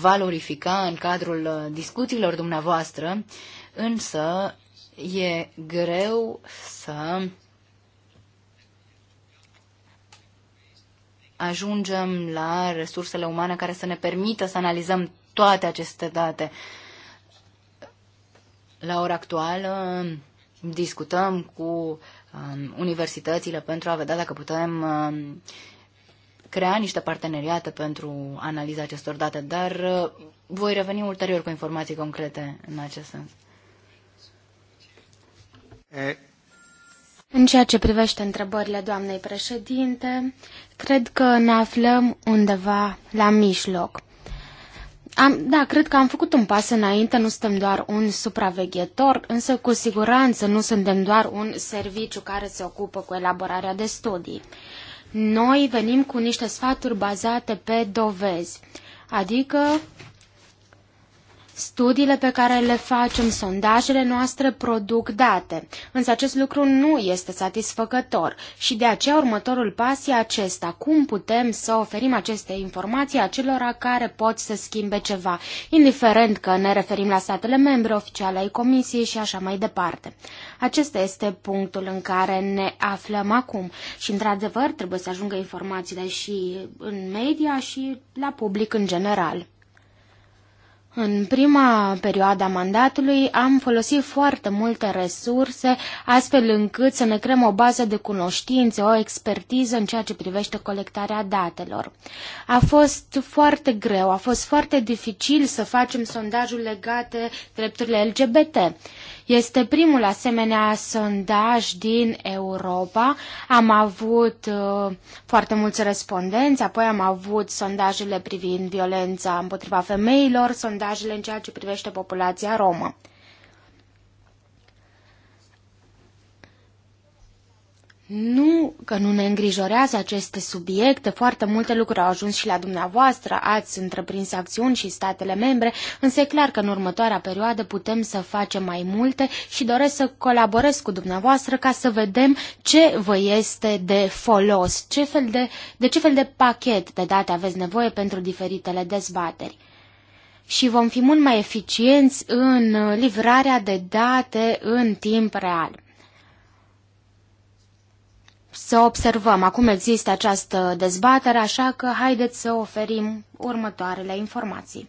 valorifica în cadrul uh, discuțiilor dumneavoastră, însă e greu să ajungem la resursele umane care să ne permită să analizăm toate aceste date. La ora actuală discutăm cu um, universitățile pentru a vedea dacă putem um, crea niște parteneriate pentru analiza acestor date, dar uh, voi reveni ulterior cu informații concrete în acest sens. Eh, în ceea ce privește întrebările doamnei președinte, cred că ne aflăm undeva la mijloc. Am, da, cred că am făcut un pas înainte, nu suntem doar un supraveghetor, însă cu siguranță nu suntem doar un serviciu care se ocupă cu elaborarea de studii. Noi venim cu niște sfaturi bazate pe dovezi, adică Studiile pe care le facem, sondajele noastre produc date, însă acest lucru nu este satisfăcător și de aceea următorul pas e acesta. Cum putem să oferim aceste informații acelora care pot să schimbe ceva, indiferent că ne referim la statele membre, oficiale ai Comisiei și așa mai departe. Acesta este punctul în care ne aflăm acum și, într-adevăr, trebuie să ajungă informațiile și în media și la public în general. În prima perioadă a mandatului am folosit foarte multe resurse, astfel încât să ne creăm o bază de cunoștințe, o expertiză în ceea ce privește colectarea datelor. A fost foarte greu, a fost foarte dificil să facem sondajul legat de drepturile LGBT este primul asemenea sondaj din Europa. Am avut uh, foarte mulți respondenți, apoi am avut sondajele privind violența împotriva femeilor, sondajele în ceea ce privește populația romă. Nu că nu ne îngrijorează aceste subiecte, foarte multe lucruri au ajuns și la dumneavoastră, ați întreprins acțiuni și statele membre, însă e clar că în următoarea perioadă putem să facem mai multe și doresc să colaborez cu dumneavoastră ca să vedem ce vă este de folos, ce fel de, de ce fel de pachet de date aveți nevoie pentru diferitele dezbateri și vom fi mult mai eficienți în livrarea de date în timp real să observăm. Acum există această dezbatere, așa că haideți să oferim următoarele informații.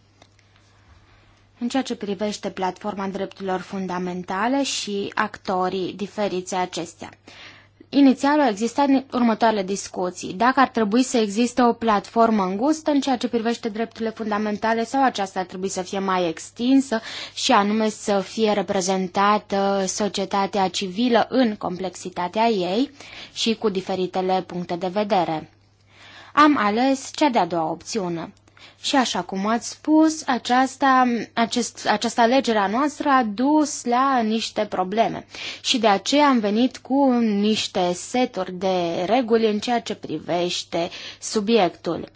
În ceea ce privește platforma drepturilor fundamentale și actorii diferiți acestea, Inițial au existat următoarele discuții. Dacă ar trebui să existe o platformă îngustă în ceea ce privește drepturile fundamentale sau aceasta ar trebui să fie mai extinsă și anume să fie reprezentată societatea civilă în complexitatea ei și cu diferitele puncte de vedere. Am ales cea de-a doua opțiune. Și așa cum ați spus, aceasta, acest, această alegere a noastră a dus la niște probleme și de aceea am venit cu niște seturi de reguli în ceea ce privește subiectul.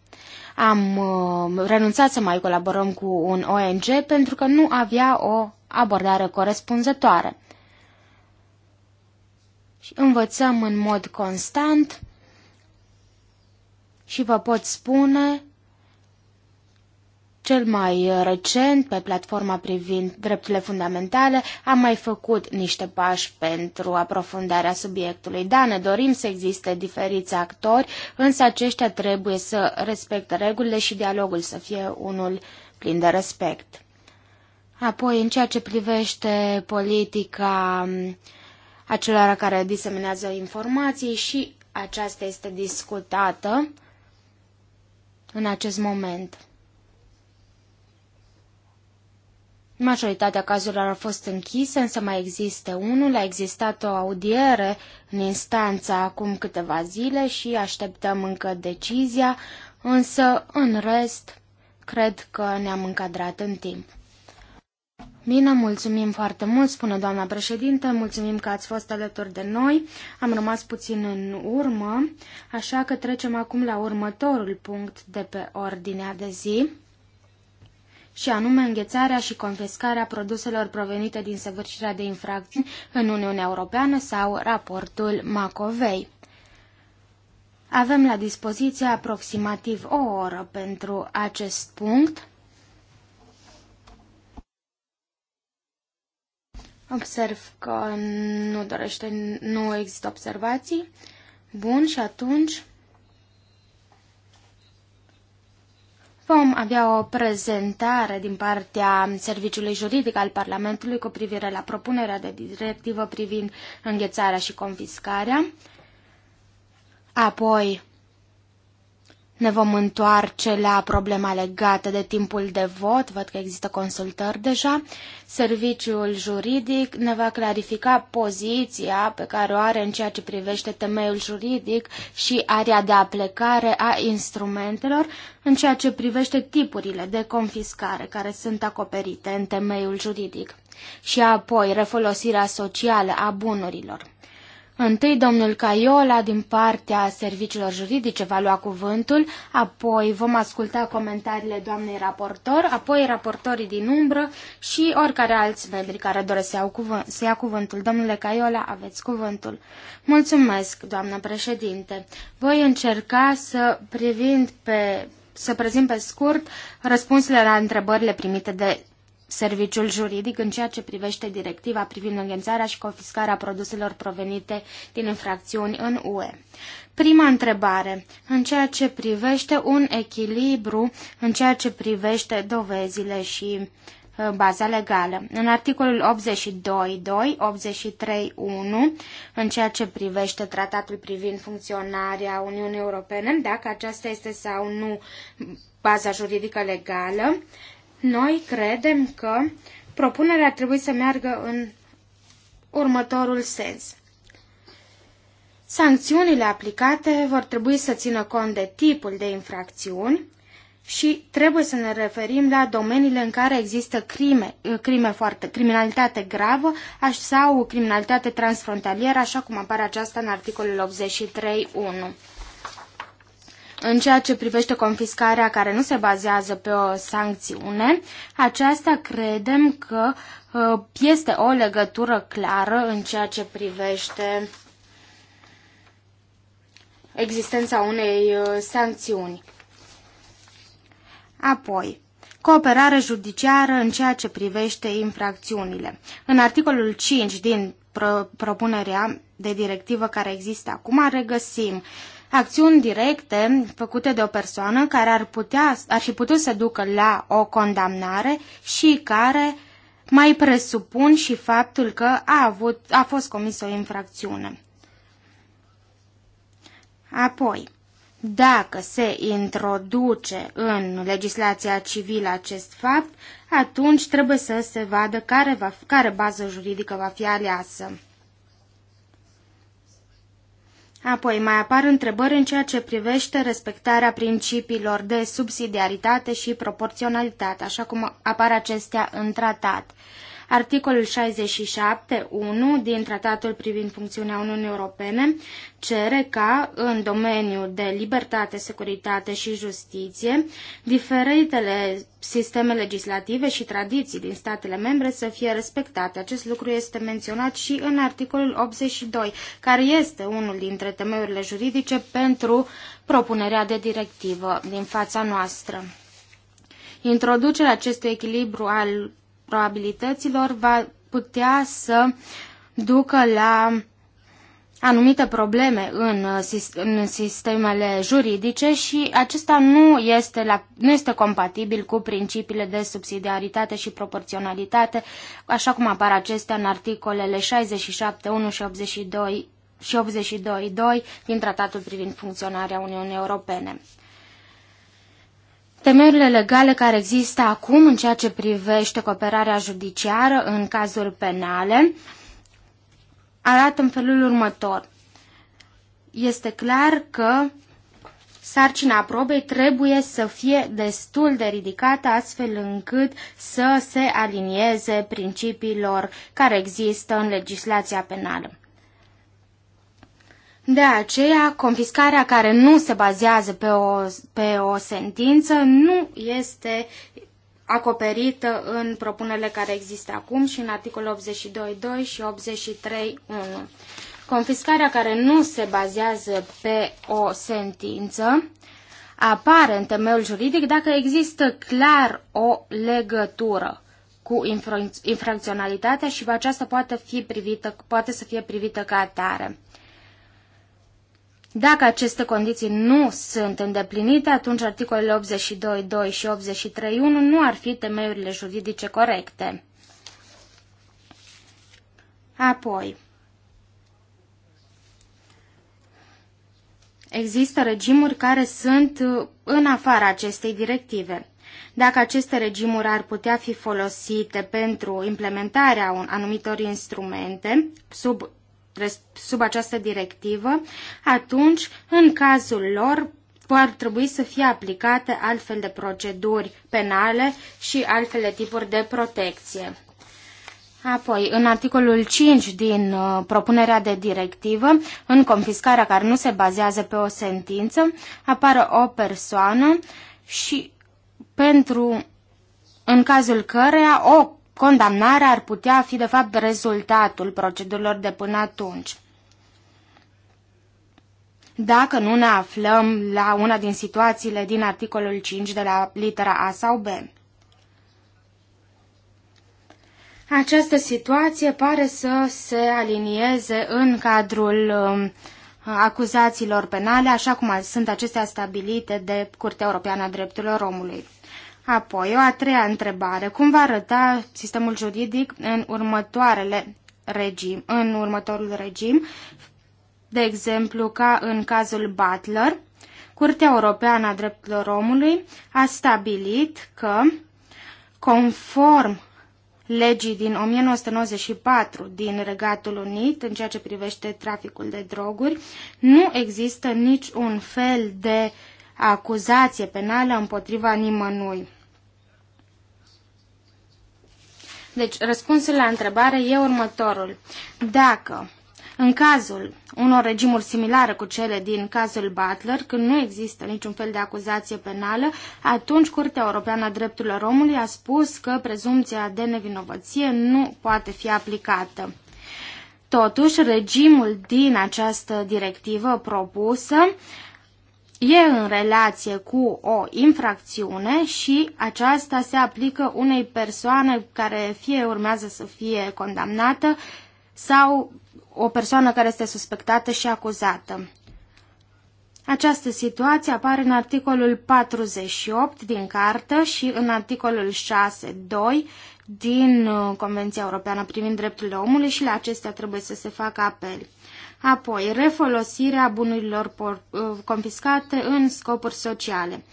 Am uh, renunțat să mai colaborăm cu un ONG pentru că nu avea o abordare corespunzătoare. Și învățăm în mod constant și vă pot spune cel mai recent, pe platforma privind drepturile fundamentale, am mai făcut niște pași pentru aprofundarea subiectului. Da, ne dorim să existe diferiți actori, însă aceștia trebuie să respecte regulile și dialogul să fie unul plin de respect. Apoi, în ceea ce privește politica acelora care diseminează informații și aceasta este discutată în acest moment. Majoritatea cazurilor au fost închise, însă mai există unul. A existat o audiere în instanță acum câteva zile și așteptăm încă decizia, însă, în rest, cred că ne-am încadrat în timp. Bine, mulțumim foarte mult, spune doamna președinte, mulțumim că ați fost alături de noi. Am rămas puțin în urmă, așa că trecem acum la următorul punct de pe ordinea de zi și anume înghețarea și confiscarea produselor provenite din săvârșirea de infracțiuni în Uniunea Europeană sau raportul Macovei. Avem la dispoziție aproximativ o oră pentru acest punct. Observ că nu dorește, nu există observații. Bun, și atunci Vom avea o prezentare din partea Serviciului Juridic al Parlamentului cu privire la propunerea de directivă privind înghețarea și confiscarea. Apoi ne vom întoarce la problema legată de timpul de vot, văd că există consultări deja. Serviciul juridic ne va clarifica poziția pe care o are în ceea ce privește temeiul juridic și area de aplicare a instrumentelor în ceea ce privește tipurile de confiscare care sunt acoperite în temeiul juridic și apoi refolosirea socială a bunurilor. Întâi domnul Caiola din partea serviciilor juridice va lua cuvântul, apoi vom asculta comentariile doamnei raportor, apoi raportorii din umbră și oricare alți membri care doresc să, să ia cuvântul. Domnule Caiola, aveți cuvântul. Mulțumesc, doamnă președinte. Voi încerca să privind pe să prezint pe scurt răspunsurile la întrebările primite de serviciul juridic în ceea ce privește directiva privind înghețarea și confiscarea produselor provenite din infracțiuni în UE. Prima întrebare, în ceea ce privește un echilibru, în ceea ce privește dovezile și uh, baza legală. În articolul 82.2, 83.1, în ceea ce privește tratatul privind funcționarea Uniunii Europene, dacă aceasta este sau nu baza juridică legală, noi credem că propunerea trebuie să meargă în următorul sens. Sancțiunile aplicate vor trebui să țină cont de tipul de infracțiuni și trebuie să ne referim la domeniile în care există crime, crime foarte, criminalitate gravă sau criminalitate transfrontalieră, așa cum apare aceasta în articolul 83.1. În ceea ce privește confiscarea care nu se bazează pe o sancțiune, aceasta credem că uh, este o legătură clară în ceea ce privește existența unei uh, sancțiuni. Apoi, cooperare judiciară în ceea ce privește infracțiunile. În articolul 5 din pro propunerea de directivă care există acum regăsim uh, acțiuni directe făcute de o persoană care ar, putea, ar fi putut să ducă la o condamnare și care mai presupun și faptul că a, avut, a fost comis o infracțiune. Apoi, dacă se introduce în legislația civilă acest fapt, atunci trebuie să se vadă care, va, care bază juridică va fi aleasă. Apoi mai apar întrebări în ceea ce privește respectarea principiilor de subsidiaritate și proporționalitate, așa cum apar acestea în tratat. Articolul 67.1 din Tratatul privind funcțiunea Uniunii Europene cere ca, în domeniul de libertate, securitate și justiție, diferitele sisteme legislative și tradiții din statele membre să fie respectate. Acest lucru este menționat și în articolul 82, care este unul dintre temeiurile juridice pentru propunerea de directivă din fața noastră. Introducerea acestui echilibru al probabilităților va putea să ducă la anumite probleme în, uh, în sistemele juridice și acesta nu este, la, nu este compatibil cu principiile de subsidiaritate și proporționalitate, așa cum apar acestea în articolele 1 și 82 și 82.2 din Tratatul privind funcționarea Uniunii Europene. Temerile legale care există acum în ceea ce privește cooperarea judiciară în cazuri penale arată în felul următor. Este clar că sarcina probei trebuie să fie destul de ridicată astfel încât să se alinieze principiilor care există în legislația penală. De aceea, confiscarea care nu se bazează pe o, pe o sentință nu este acoperită în propunerile care există acum și în articolul 82.2 și 83.1. Confiscarea care nu se bazează pe o sentință apare în temeiul juridic dacă există clar o legătură cu infracționalitatea și aceasta poate, fi privită, poate să fie privită ca atare. Dacă aceste condiții nu sunt îndeplinite, atunci articolele 82.2 și 83.1 nu ar fi temeiurile juridice corecte. Apoi, există regimuri care sunt în afara acestei directive. Dacă aceste regimuri ar putea fi folosite pentru implementarea anumitor instrumente sub sub această directivă, atunci, în cazul lor, ar trebui să fie aplicate altfel de proceduri penale și altfel de tipuri de protecție. Apoi, în articolul 5 din uh, propunerea de directivă, în confiscarea care nu se bazează pe o sentință, apare o persoană și pentru în cazul căreia o condamnarea ar putea fi de fapt rezultatul procedurilor de până atunci. Dacă nu ne aflăm la una din situațiile din articolul 5 de la litera A sau B. Această situație pare să se alinieze în cadrul um, acuzațiilor penale, așa cum sunt acestea stabilite de Curtea Europeană a Drepturilor Omului. Apoi, o a treia întrebare. Cum va arăta sistemul juridic în următoarele regim, în următorul regim, de exemplu ca în cazul Butler, Curtea Europeană a Drepturilor Omului a stabilit că, conform legii din 1994 din Regatul Unit în ceea ce privește traficul de droguri, nu există niciun fel de acuzație penală împotriva nimănui. Deci, răspunsul la întrebare e următorul. Dacă, în cazul unor regimuri similare cu cele din cazul Butler, când nu există niciun fel de acuzație penală, atunci Curtea Europeană a Drepturilor Omului a spus că prezumția de nevinovăție nu poate fi aplicată. Totuși, regimul din această directivă propusă uh, e în relație cu o infracțiune și aceasta se aplică unei persoane care fie urmează să fie condamnată sau o persoană care este suspectată și acuzată. Această situație apare în articolul 48 din cartă și în articolul 6.2 din uh, Convenția Europeană privind drepturile omului și la acestea trebuie să se facă apel. Apoi, refolosirea bunurilor uh, confiscate în scopuri sociale.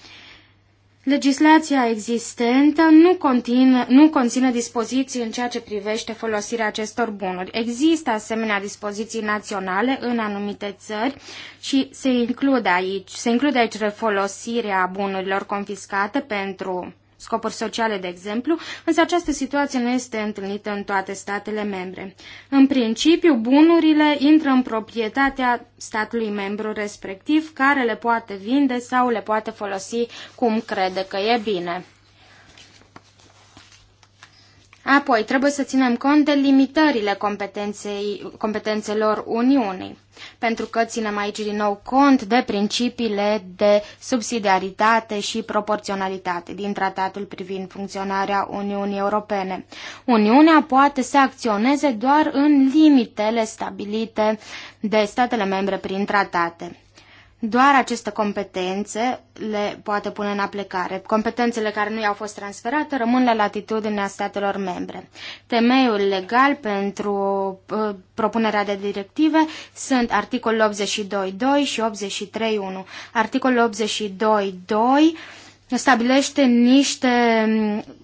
Legislația existentă nu, continu, nu conține dispoziții în ceea ce privește folosirea acestor bunuri. Există asemenea dispoziții naționale în anumite țări și se include aici, se include aici refolosirea bunurilor confiscate pentru scopuri sociale, de exemplu, însă această situație nu este întâlnită în toate statele membre. În principiu, bunurile intră în proprietatea statului membru respectiv, care le poate vinde sau le poate folosi cum crede că e bine. Apoi, trebuie să ținem cont de limitările competenței, competențelor Uniunii, pentru că ținem aici din nou cont de principiile de subsidiaritate și proporționalitate din tratatul privind funcționarea Uniunii Europene. Uniunea poate să acționeze doar în limitele stabilite de statele membre prin tratate. Doar aceste competențe le poate pune în aplicare. Competențele care nu i-au fost transferate rămân la latitudinea statelor membre. Temeiul legal pentru uh, propunerea de directive sunt articolul 82.2 și 83.1. Articolul 82.2 stabilește niște,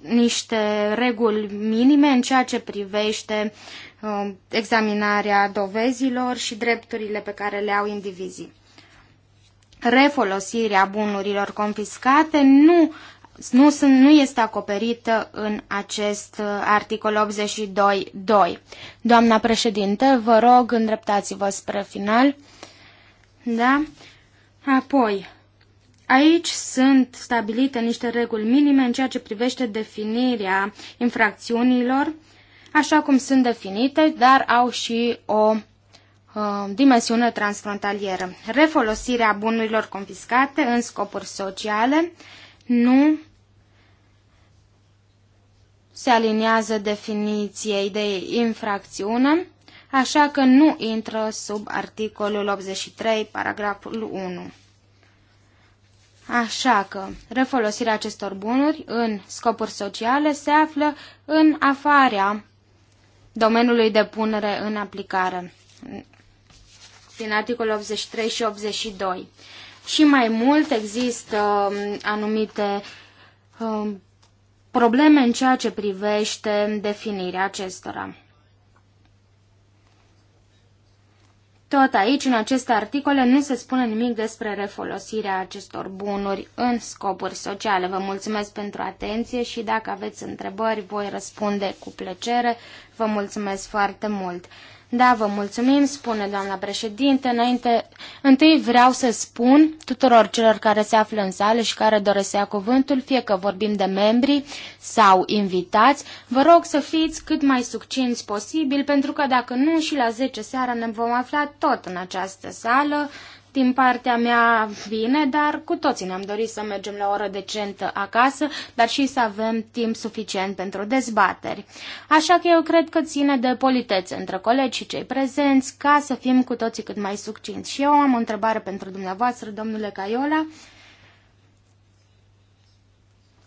niște reguli minime în ceea ce privește uh, examinarea dovezilor și drepturile pe care le au indivizii refolosirea bunurilor confiscate nu, nu, sunt, nu este acoperită în acest uh, articol 82.2. Doamna președinte, vă rog, îndreptați-vă spre final. Da? Apoi, Aici sunt stabilite niște reguli minime în ceea ce privește definirea infracțiunilor, așa cum sunt definite, dar au și o Uh, dimensiune transfrontalieră. Refolosirea bunurilor confiscate în scopuri sociale nu se aliniază definiției de infracțiune, așa că nu intră sub articolul 83, paragraful 1. Așa că refolosirea acestor bunuri în scopuri sociale se află în afara domeniului de punere în aplicare din articolul 83 și 82. Și mai mult există um, anumite um, probleme în ceea ce privește definirea acestora. Tot aici, în aceste articole, nu se spune nimic despre refolosirea acestor bunuri în scopuri sociale. Vă mulțumesc pentru atenție și dacă aveți întrebări, voi răspunde cu plăcere. Vă mulțumesc foarte mult! Da, vă mulțumim, spune doamna președinte. Înainte, întâi vreau să spun tuturor celor care se află în sală și care doresc să ia cuvântul, fie că vorbim de membri sau invitați, vă rog să fiți cât mai succinți posibil, pentru că dacă nu, și la 10 seara ne vom afla tot în această sală, din partea mea vine, dar cu toții ne-am dorit să mergem la o oră decentă acasă, dar și să avem timp suficient pentru dezbateri. Așa că eu cred că ține de politețe între colegi și cei prezenți ca să fim cu toții cât mai succinți. Și eu am o întrebare pentru dumneavoastră, domnule Caiola.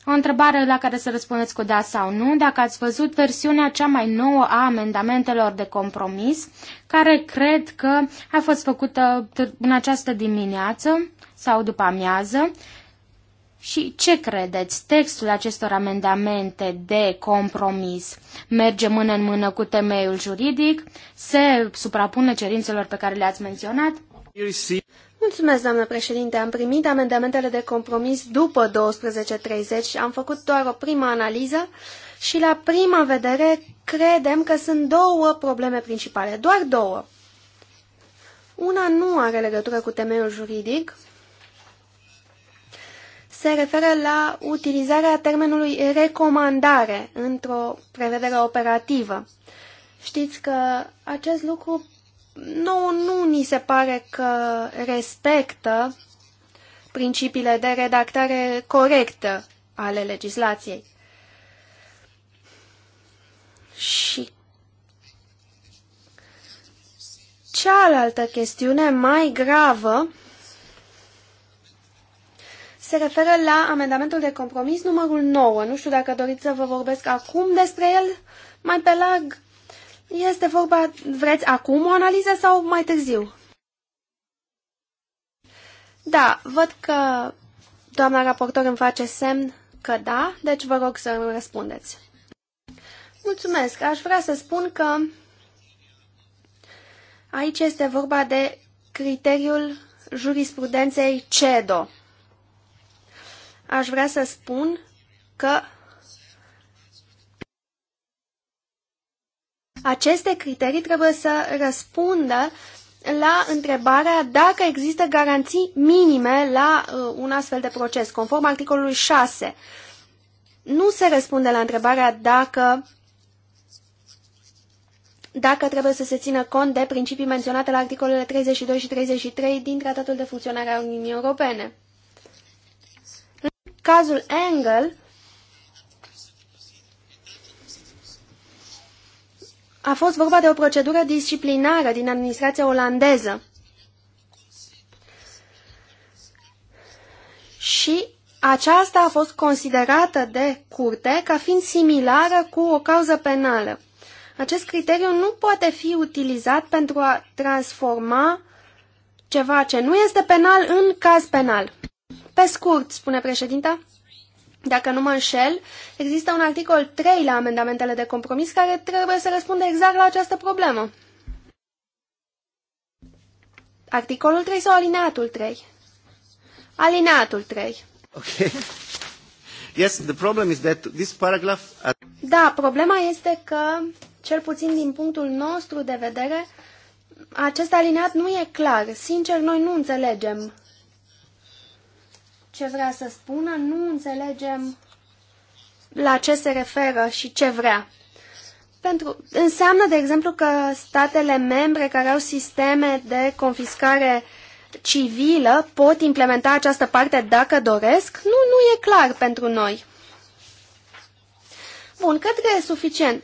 O întrebare la care să răspundeți cu da sau nu, dacă ați văzut versiunea cea mai nouă a amendamentelor de compromis, care cred că a fost făcută în această dimineață sau după amiază, și ce credeți? Textul acestor amendamente de compromis merge mână în mână cu temeiul juridic? Se suprapune cerințelor pe care le-ați menționat? Mulțumesc, doamnă președinte. Am primit amendamentele de compromis după 12.30. Am făcut doar o primă analiză și la prima vedere credem că sunt două probleme principale, doar două. Una nu are legătură cu temeiul juridic, se referă la utilizarea termenului recomandare într-o prevedere operativă. Știți că acest lucru nouă nu ni se pare că respectă principiile de redactare corectă ale legislației. Și cealaltă chestiune mai gravă se referă la amendamentul de compromis numărul 9. Nu știu dacă doriți să vă vorbesc acum despre el mai pe larg este vorba, vreți acum o analiză sau mai târziu? Da, văd că doamna raportor îmi face semn că da, deci vă rog să îmi răspundeți. Mulțumesc, aș vrea să spun că aici este vorba de criteriul jurisprudenței CEDO. Aș vrea să spun că Aceste criterii trebuie să răspundă la întrebarea dacă există garanții minime la uh, un astfel de proces, conform articolului 6. Nu se răspunde la întrebarea dacă dacă trebuie să se țină cont de principii menționate la articolele 32 și 33 din Tratatul de Funcționare a Uniunii Europene. În cazul Engel, A fost vorba de o procedură disciplinară din administrația olandeză. Și aceasta a fost considerată de curte ca fiind similară cu o cauză penală. Acest criteriu nu poate fi utilizat pentru a transforma ceva ce nu este penal în caz penal. Pe scurt, spune președinta, dacă nu mă înșel, există un articol 3 la amendamentele de compromis care trebuie să răspundă exact la această problemă. Articolul 3 sau alineatul 3? Alineatul 3. Ok. Yes, the problem is that this paragraph... Da, problema este că, cel puțin din punctul nostru de vedere, acest alineat nu e clar. Sincer, noi nu înțelegem ce vrea să spună, nu înțelegem la ce se referă și ce vrea. Pentru, înseamnă, de exemplu, că statele membre care au sisteme de confiscare civilă pot implementa această parte dacă doresc? Nu, nu e clar pentru noi. Bun, cred că e suficient.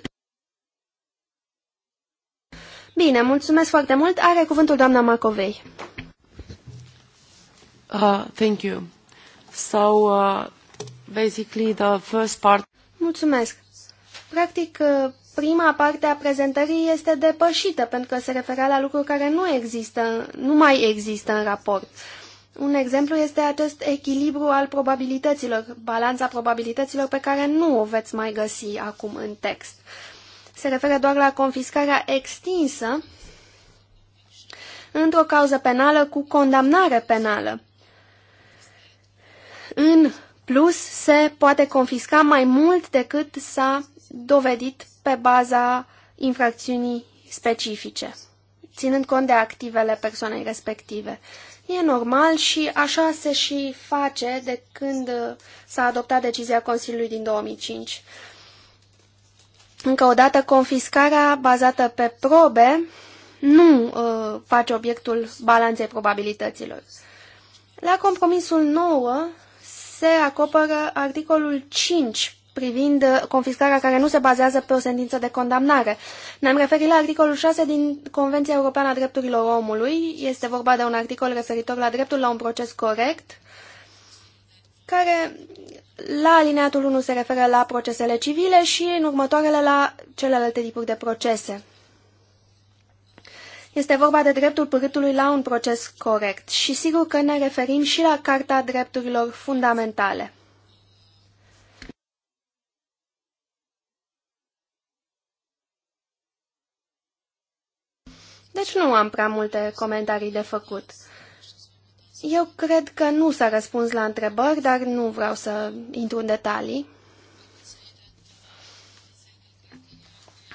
Bine, mulțumesc foarte mult. Are cuvântul doamna Macovei. Uh, thank you. So, uh, basically the first part... Mulțumesc. Practic, uh, prima parte a prezentării este depășită pentru că se referea la lucruri care nu există, nu mai există în raport. Un exemplu este acest echilibru al probabilităților, balanța probabilităților pe care nu o veți mai găsi acum în text. Se referă doar la confiscarea extinsă într-o cauză penală cu condamnare penală. În plus, se poate confisca mai mult decât s-a dovedit pe baza infracțiunii specifice, ținând cont de activele persoanei respective. E normal și așa se și face de când s-a adoptat decizia Consiliului din 2005. Încă o dată, confiscarea bazată pe probe nu uh, face obiectul balanței probabilităților. La compromisul 9 se acoperă articolul 5 privind confiscarea care nu se bazează pe o sentință de condamnare. Ne-am referit la articolul 6 din Convenția Europeană a Drepturilor Omului. Este vorba de un articol referitor la dreptul la un proces corect, care la alineatul 1 se referă la procesele civile și în următoarele la celelalte tipuri de procese. Este vorba de dreptul părâtului la un proces corect și sigur că ne referim și la Carta Drepturilor Fundamentale. Deci nu am prea multe comentarii de făcut. Eu cred că nu s-a răspuns la întrebări, dar nu vreau să intru în detalii.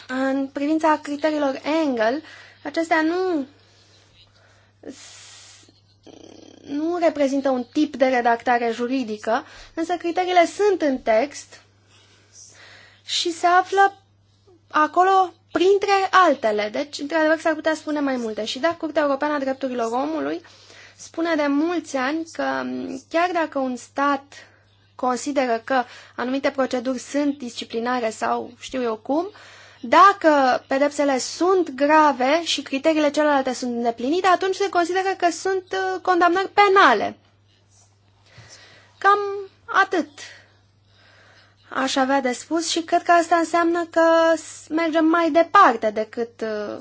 În privința criteriilor Engel, Acestea nu, nu reprezintă un tip de redactare juridică, însă criteriile sunt în text și se află acolo printre altele. Deci, într-adevăr, s-ar putea spune mai multe. Și da, Curtea Europeană a Drepturilor Omului spune de mulți ani că chiar dacă un stat consideră că anumite proceduri sunt disciplinare sau știu eu cum, uh, dacă pedepsele sunt grave și criteriile celelalte sunt îndeplinite, atunci se consideră că sunt uh, condamnări penale. Cam atât aș avea de spus și cred că asta înseamnă că mergem mai departe decât uh,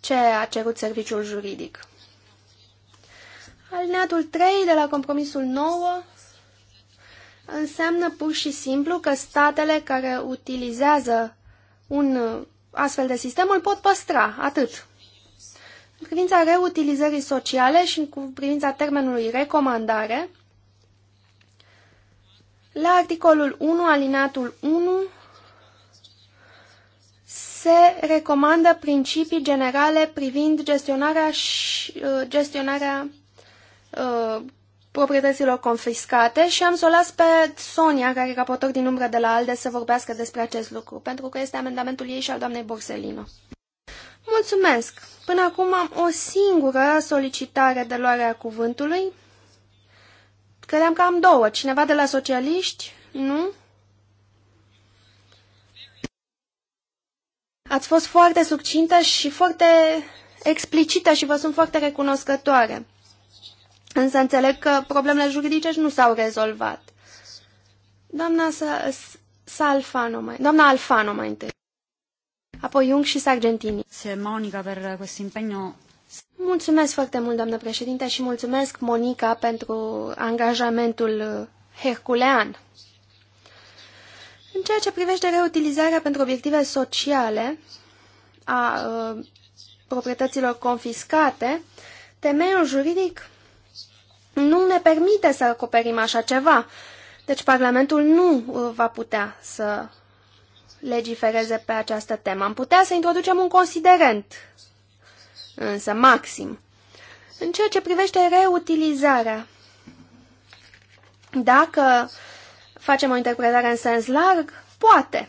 ce a cerut serviciul juridic. Alineatul 3 de la compromisul 9 înseamnă pur și simplu că statele care utilizează un uh, astfel de sistem, îl pot păstra, atât. În privința reutilizării sociale și în privința termenului recomandare, la articolul 1, alinatul 1, se recomandă principii generale privind gestionarea, și, uh, gestionarea uh, proprietăților confiscate și am să o las pe Sonia, care e raportor din umbră de la ALDE, să vorbească despre acest lucru, pentru că este amendamentul ei și al doamnei Borselino. Mulțumesc! Până acum am o singură solicitare de luare a cuvântului. Credeam că am două. Cineva de la socialiști? Nu? Ați fost foarte succintă și foarte explicită și vă sunt foarte recunoscătoare. Însă înțeleg că problemele juridice nu s-au rezolvat. Doamna Salfano mai, doamna Alfano mai întâi. Apoi Jung și Sargentini. Monica per questo impegno. Mulțumesc foarte mult, doamnă președinte, și mulțumesc, Monica, pentru angajamentul herculean. În ceea ce privește reutilizarea pentru obiective sociale a, a uh, proprietăților confiscate, temeiul juridic nu ne permite să acoperim așa ceva. Deci Parlamentul nu uh, va putea să legifereze pe această temă. Am putea să introducem un considerent, însă maxim. În ceea ce privește reutilizarea, dacă facem o interpretare în sens larg, poate.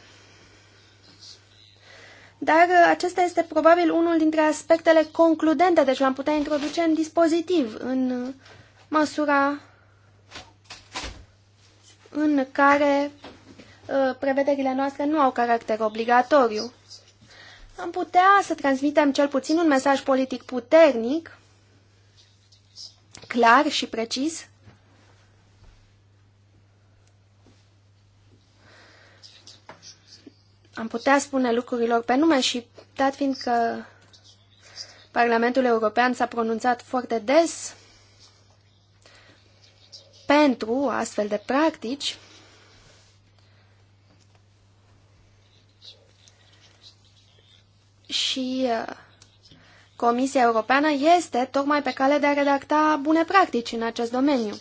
Dar uh, acesta este probabil unul dintre aspectele concludente, deci l-am putea introduce în dispozitiv, în uh, măsura în care uh, prevederile noastre nu au caracter obligatoriu. Am putea să transmitem cel puțin un mesaj politic puternic, clar și precis, am putea spune lucrurilor pe nume și dat fiind că Parlamentul European s-a pronunțat foarte des pentru astfel de practici și uh, Comisia Europeană este tocmai pe cale de a redacta bune practici în acest domeniu.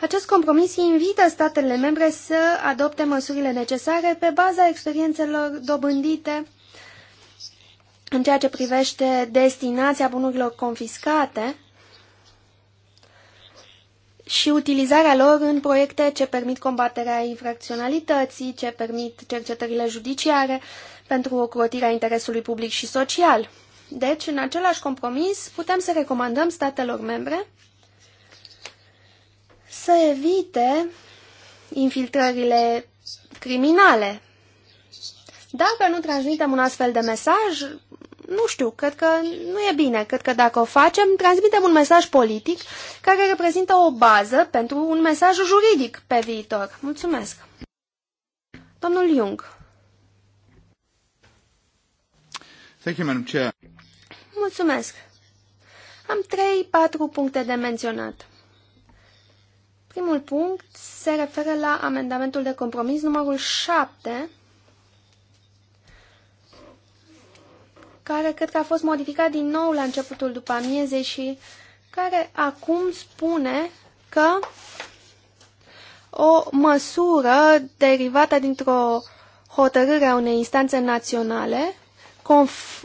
Acest compromis invită statele membre să adopte măsurile necesare pe baza experiențelor dobândite în ceea ce privește destinația bunurilor confiscate și utilizarea lor în proiecte ce permit combaterea infracționalității, ce permit cercetările judiciare pentru ocrotirea interesului public și social. Deci, în același compromis, putem să recomandăm statelor membre să evite infiltrările criminale. Dacă nu transmitem un astfel de mesaj, nu știu, cred că nu e bine. Cred că dacă o facem, transmitem un mesaj politic care reprezintă o bază pentru un mesaj juridic pe viitor. Mulțumesc. Domnul Jung. Thank you, Madam Chair. Mulțumesc. Am trei, patru puncte de menționat. Primul punct se referă la amendamentul de compromis numărul 7, care cred că a fost modificat din nou la începutul după amiezei și care acum spune că o măsură derivată dintr-o hotărâre a unei instanțe naționale conf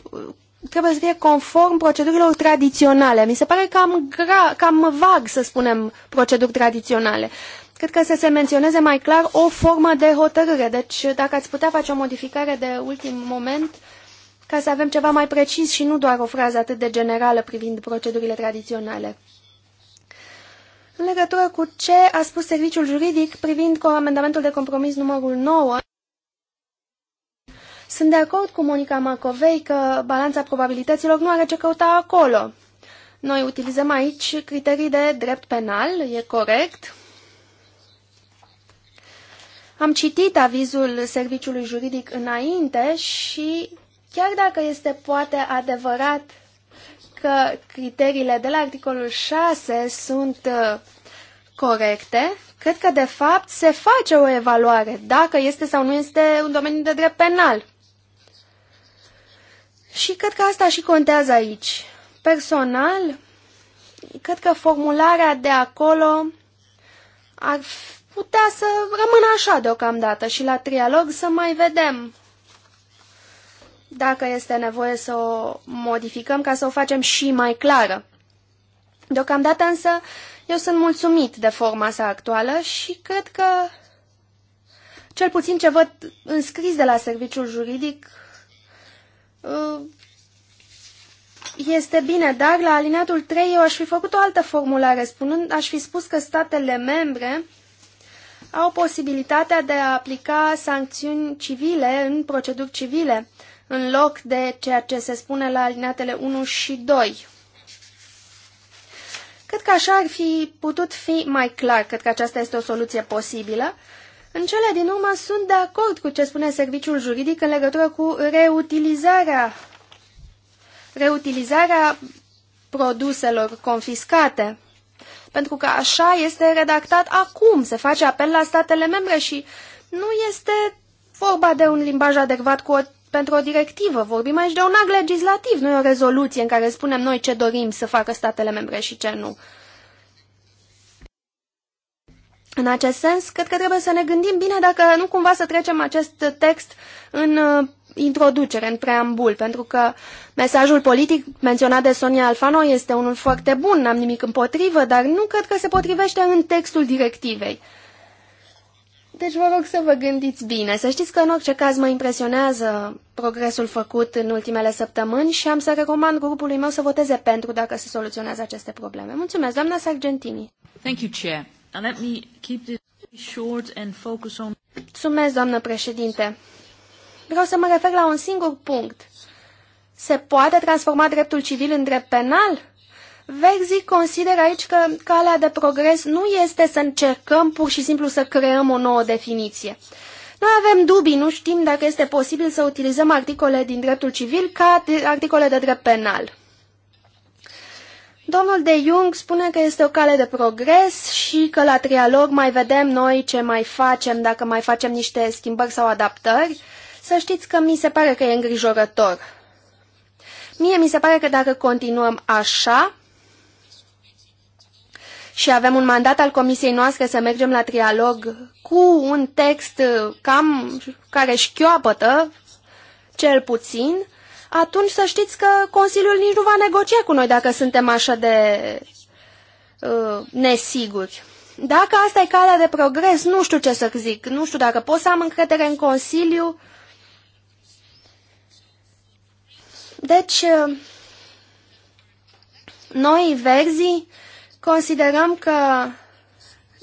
trebuie să fie conform procedurilor tradiționale. Mi se pare cam, gra cam vag să spunem proceduri tradiționale. Cred că să se menționeze mai clar o formă de hotărâre. Deci dacă ați putea face o modificare de ultim moment, uh, ca să avem ceva mai precis și nu doar o frază atât de generală privind procedurile tradiționale. În legătură cu ce a spus serviciul juridic privind cu amendamentul de compromis numărul 9, sunt de acord cu Monica Macovei că balanța probabilităților nu are ce căuta acolo. Noi utilizăm aici criterii de drept penal, e corect. Am citit avizul serviciului juridic înainte și Chiar dacă este poate adevărat că criteriile de la articolul 6 sunt uh, corecte, cred că de fapt se face o evaluare dacă este sau nu este un domeniu de drept penal. Și cred că asta și contează aici. Personal, cred că formularea de acolo ar putea să rămână așa deocamdată și la trialog să mai vedem dacă este nevoie să o modificăm ca să o facem și mai clară. Deocamdată însă eu sunt mulțumit de forma sa actuală și cred că cel puțin ce văd înscris de la serviciul juridic uh, este bine, dar la alineatul 3 eu aș fi făcut o altă formulare, spunând, aș fi spus că statele membre au posibilitatea de a aplica sancțiuni civile în proceduri civile în loc de ceea ce se spune la alineatele 1 și 2. cât că așa ar fi putut fi mai clar, cât că aceasta este o soluție posibilă. În cele din urmă sunt de acord cu ce spune serviciul juridic în legătură cu reutilizarea, reutilizarea produselor confiscate. Pentru că așa este redactat acum, se face apel la statele membre și nu este vorba de un limbaj adecvat cu o pentru o directivă, vorbim aici de un act legislativ, nu e o rezoluție în care spunem noi ce dorim să facă statele membre și ce nu. În acest sens, cred că trebuie să ne gândim bine dacă nu cumva să trecem acest text în uh, introducere, în preambul, pentru că mesajul politic menționat de Sonia Alfano este unul foarte bun, n-am nimic împotrivă, dar nu cred că se potrivește în textul directivei. Deci vă rog să vă gândiți bine. Să știți că în orice caz mă impresionează progresul făcut în ultimele săptămâni și am să recomand grupului meu să voteze pentru dacă se soluționează aceste probleme. Mulțumesc, doamna Sargentini. Thank you, Chair. And let me keep this short and focus on... Mulțumesc, doamnă președinte. Vreau să mă refer la un singur punct. Se poate transforma dreptul civil în drept penal? Verzi consideră aici că calea de progres nu este să încercăm pur și simplu să creăm o nouă definiție. Noi avem dubii, nu știm dacă este posibil să utilizăm articole din dreptul civil ca articole de drept penal. Domnul de Jung spune că este o cale de progres și că la trialog mai vedem noi ce mai facem, dacă mai facem niște schimbări sau adaptări. Să știți că mi se pare că e îngrijorător. Mie mi se pare că dacă continuăm așa, și avem un mandat al comisiei noastre să mergem la trialog cu un text uh, cam care șchioapătă, cel puțin, atunci să știți că Consiliul nici nu va negocia cu noi dacă suntem așa de uh, nesiguri. Dacă asta e calea de progres, nu știu ce să zic. Nu știu dacă pot să am încredere în Consiliu. Deci, uh, noi, verzii, Considerăm că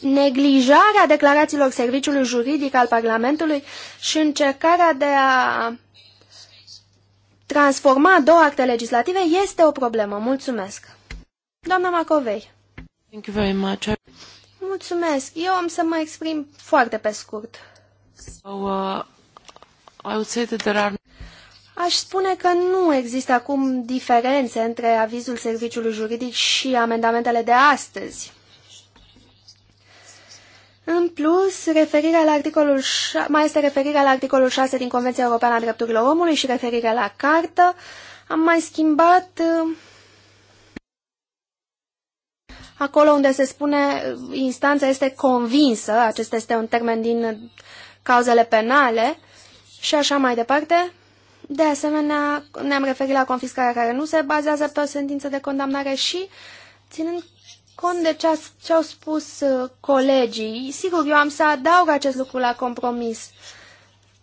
neglijarea declarațiilor serviciului juridic al Parlamentului și încercarea de a transforma două acte legislative este o problemă. Mulțumesc. Doamna Macovei. Thank you very much. Mulțumesc. Eu am să mă exprim foarte pe scurt. So, uh, I would say that there are... Aș spune că nu există acum diferențe între avizul serviciului juridic și amendamentele de astăzi. În plus, referirea la articolul, mai este referirea la articolul 6 din Convenția Europeană a Drepturilor Omului și referirea la cartă. Am mai schimbat uh, acolo unde se spune uh, instanța este convinsă, acesta este un termen din cauzele penale și așa mai departe. De asemenea, ne-am referit la confiscarea care nu se bazează pe o sentință de condamnare și, ținând cont de ce, ce au spus uh, colegii, sigur, eu am să adaug acest lucru la compromis.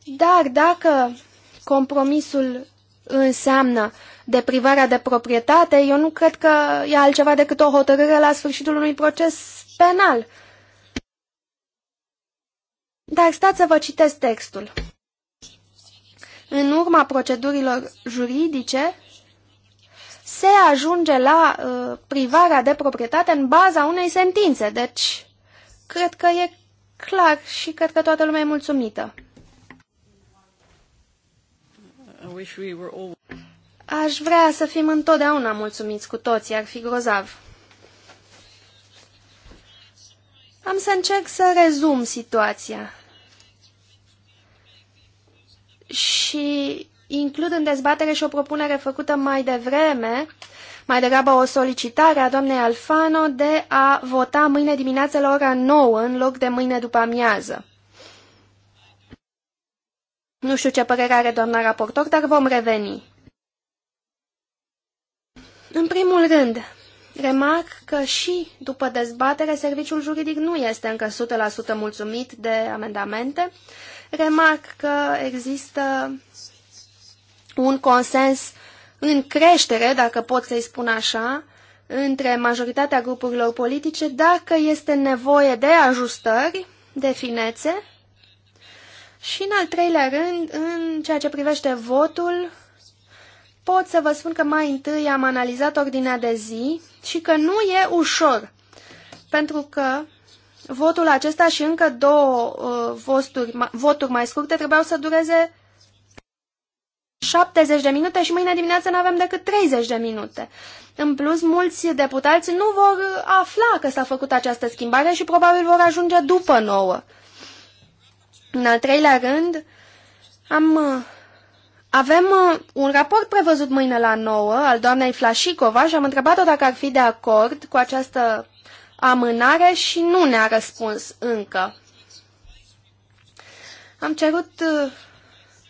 Dar dacă compromisul înseamnă deprivarea de proprietate, eu nu cred că e altceva decât o hotărâre la sfârșitul unui proces penal. Dar stați să vă citesc textul în urma procedurilor juridice, se ajunge la uh, privarea de proprietate în baza unei sentințe. Deci, cred că e clar și cred că toată lumea e mulțumită. Aș vrea să fim întotdeauna mulțumiți cu toții, ar fi grozav. Am să încerc să rezum situația și includ în dezbatere și o propunere făcută mai devreme, mai degrabă o solicitare a doamnei Alfano de a vota mâine dimineață la ora 9 în loc de mâine după amiază. Nu știu ce părere are doamna raportor, dar vom reveni. În primul rând, remarc că și după dezbatere, serviciul juridic nu este încă 100% mulțumit de amendamente remarc că există un consens în creștere, dacă pot să-i spun așa, între majoritatea grupurilor politice dacă este nevoie de ajustări, de finețe. Și în al treilea rând, în ceea ce privește votul, pot să vă spun că mai întâi am analizat ordinea de zi și că nu e ușor, pentru că votul acesta și încă două uh, voturi, voturi mai scurte trebuiau să dureze 70 de minute și mâine dimineață nu avem decât 30 de minute. În plus, mulți deputați nu vor uh, afla că s-a făcut această schimbare și probabil vor ajunge după nouă. În al treilea rând, am, uh, avem uh, un raport prevăzut mâine la nouă al doamnei Flașicova și am întrebat-o dacă ar fi de acord cu această amânare și nu ne-a răspuns încă. Am cerut, uh,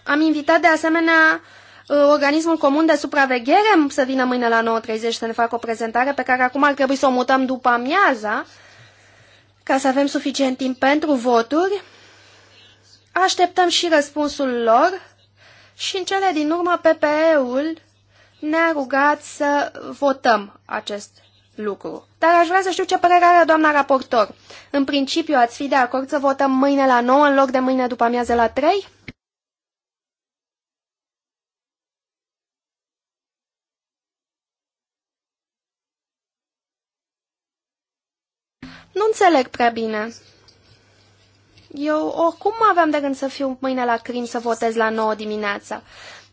am invitat de asemenea uh, organismul comun de supraveghere să vină mâine la 9.30 să ne facă o prezentare pe care acum ar trebui să o mutăm după amiaza ca să avem suficient timp pentru voturi. Așteptăm și răspunsul lor și în cele din urmă PPE-ul ne-a rugat să votăm acest lucru. Dar aș vrea să știu ce părere are doamna raportor. În principiu, ați fi de acord să votăm mâine la 9 în loc de mâine după amiază la 3? Nu înțeleg prea bine. Eu oricum aveam de gând să fiu mâine la crim să votez la 9 dimineața.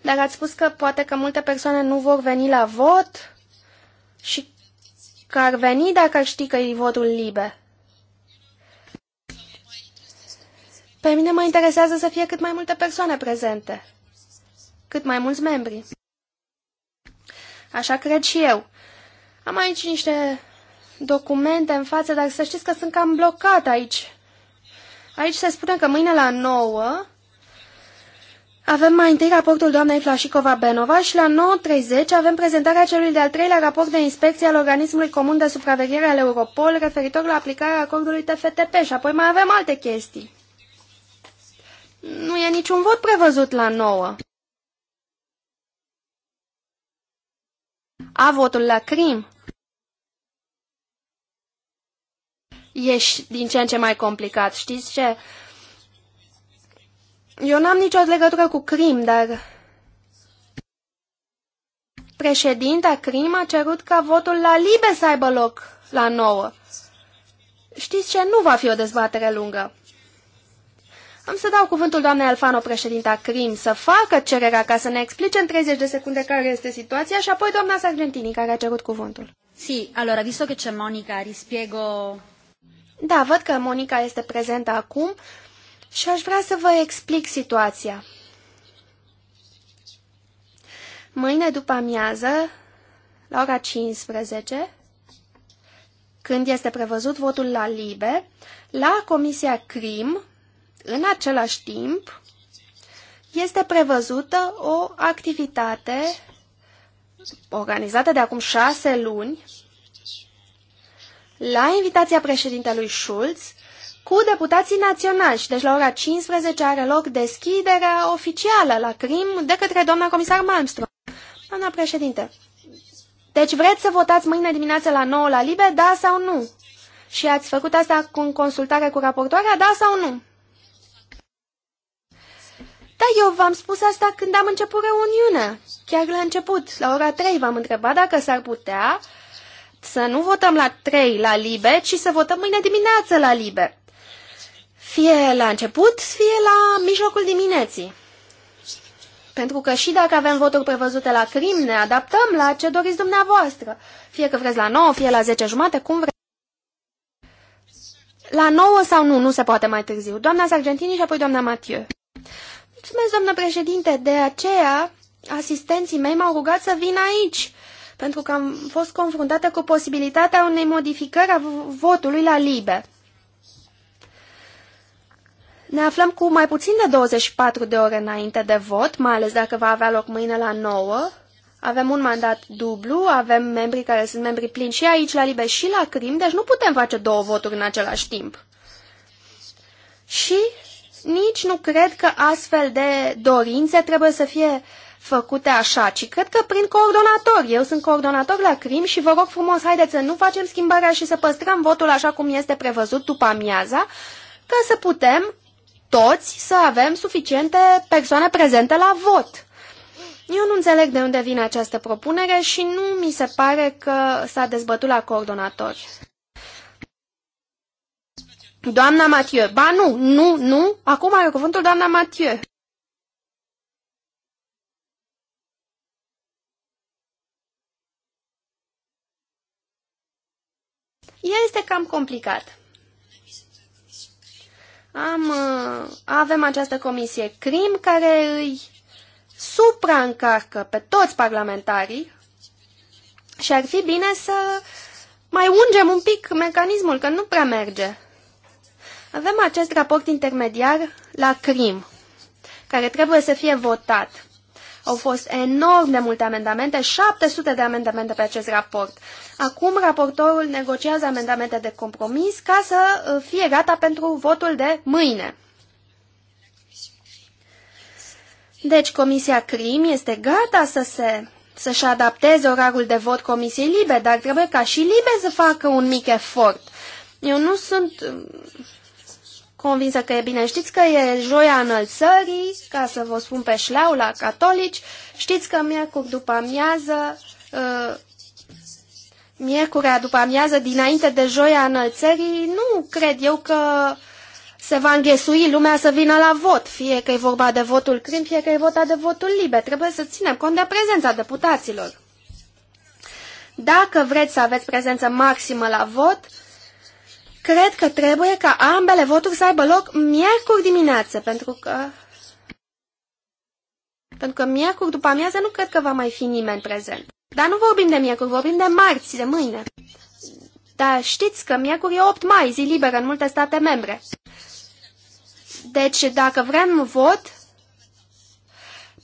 Dar ați spus că poate că multe persoane nu vor veni la vot și că ar veni dacă ar ști că e votul liber. Pe mine mă interesează să fie cât mai multe persoane prezente, cât mai mulți membri. Așa cred și eu. Am aici niște documente în față, dar să știți că sunt cam blocat aici. Aici se spune că mâine la 9 avem mai întâi raportul doamnei Flașicova-Benova și la 9.30 avem prezentarea celui de-al treilea raport de inspecție al Organismului Comun de Supraveghere al Europol referitor la aplicarea acordului TFTP și apoi mai avem alte chestii. Nu e niciun vot prevăzut la 9. A, votul la crim. Ești din ce în ce mai complicat, știți ce? Eu n-am nicio legătură cu crim, dar președinta crim a cerut ca votul la libe să aibă loc la nouă. Știți ce? Nu va fi o dezbatere lungă. Am să dau cuvântul doamnei Alfano, președinta CRIM, să facă cererea ca să ne explice în 30 de secunde care este situația și apoi doamna Sargentini, care a cerut cuvântul. Si, allora, visto che c'è Monica, rispiego... Da, văd că Monica este prezentă acum. Și aș vrea să vă explic situația. Mâine după amiază, la ora 15, când este prevăzut votul la LIBE, la Comisia CRIM, în același timp, este prevăzută o activitate organizată de acum șase luni la invitația președintelui Schulz cu deputații naționali și deci la ora 15 are loc deschiderea oficială la CRIM de către doamna comisar Malmström. Doamna președinte, deci vreți să votați mâine dimineață la 9 la Libe, da sau nu? Și ați făcut asta cu consultare cu raportoarea, da sau nu? Da, eu v-am spus asta când am început reuniunea. Chiar la început, la ora 3, v-am întrebat dacă s-ar putea să nu votăm la 3 la liber, ci să votăm mâine dimineață la liber fie la început, fie la mijlocul dimineții. Pentru că și dacă avem voturi prevăzute la crim, ne adaptăm la ce doriți dumneavoastră. Fie că vreți la 9, fie la 10 jumate, cum vreți. La 9 sau nu, nu se poate mai târziu. Doamna Sargentini și apoi doamna Mathieu. Mulțumesc, doamnă președinte, de aceea asistenții mei m-au rugat să vin aici, pentru că am fost confruntată cu posibilitatea unei modificări a votului la liber. Ne aflăm cu mai puțin de 24 de ore înainte de vot, mai ales dacă va avea loc mâine la 9. Avem un mandat dublu, avem membri care sunt membri plini și aici la Libe și la Crim, deci nu putem face două voturi în același timp. Și nici nu cred că astfel de dorințe trebuie să fie făcute așa, ci cred că prin coordonator. Eu sunt coordonator la CRIM și vă rog frumos, haideți să nu facem schimbarea și să păstrăm votul așa cum este prevăzut după amiaza, ca să putem toți să avem suficiente persoane prezente la vot. Eu nu înțeleg de unde vine această propunere și nu mi se pare că s-a dezbătut la coordonatori. Doamna Mathieu. Ba nu, nu, nu. Acum are cuvântul doamna Mathieu. Ea este cam complicat. Am, uh, avem această comisie CRIM care îi supraîncarcă pe toți parlamentarii și ar fi bine să mai ungem un pic mecanismul, că nu prea merge. Avem acest raport intermediar la CRIM, care trebuie să fie votat. Au fost enorm de multe amendamente, 700 de amendamente pe acest raport. Acum raportorul negociază amendamente de compromis ca să uh, fie gata pentru votul de mâine. Deci Comisia CRIM este gata să se să-și adapteze orarul de vot Comisiei Libe, dar trebuie ca și Libe să facă un mic efort. Eu nu sunt uh, convinsă că e bine. Știți că e joia înălțării, ca să vă spun pe șleau la catolici, știți că miercuri după amiază, uh, miercurea după amiază, dinainte de joia înălțării, nu cred eu că se va înghesui lumea să vină la vot, fie că e vorba de votul crim, fie că e vota de votul liber. Trebuie să ținem cont de prezența deputaților. Dacă vreți să aveți prezență maximă la vot, uh, Cred că trebuie ca ambele voturi să aibă loc miercuri dimineață, pentru că... Pentru că miercuri după amiază nu cred că va mai fi nimeni prezent. Dar nu vorbim de miercuri, vorbim de marți, de mâine. Dar știți că miercuri e 8 mai, zi liberă în multe state membre. Deci, dacă vrem vot,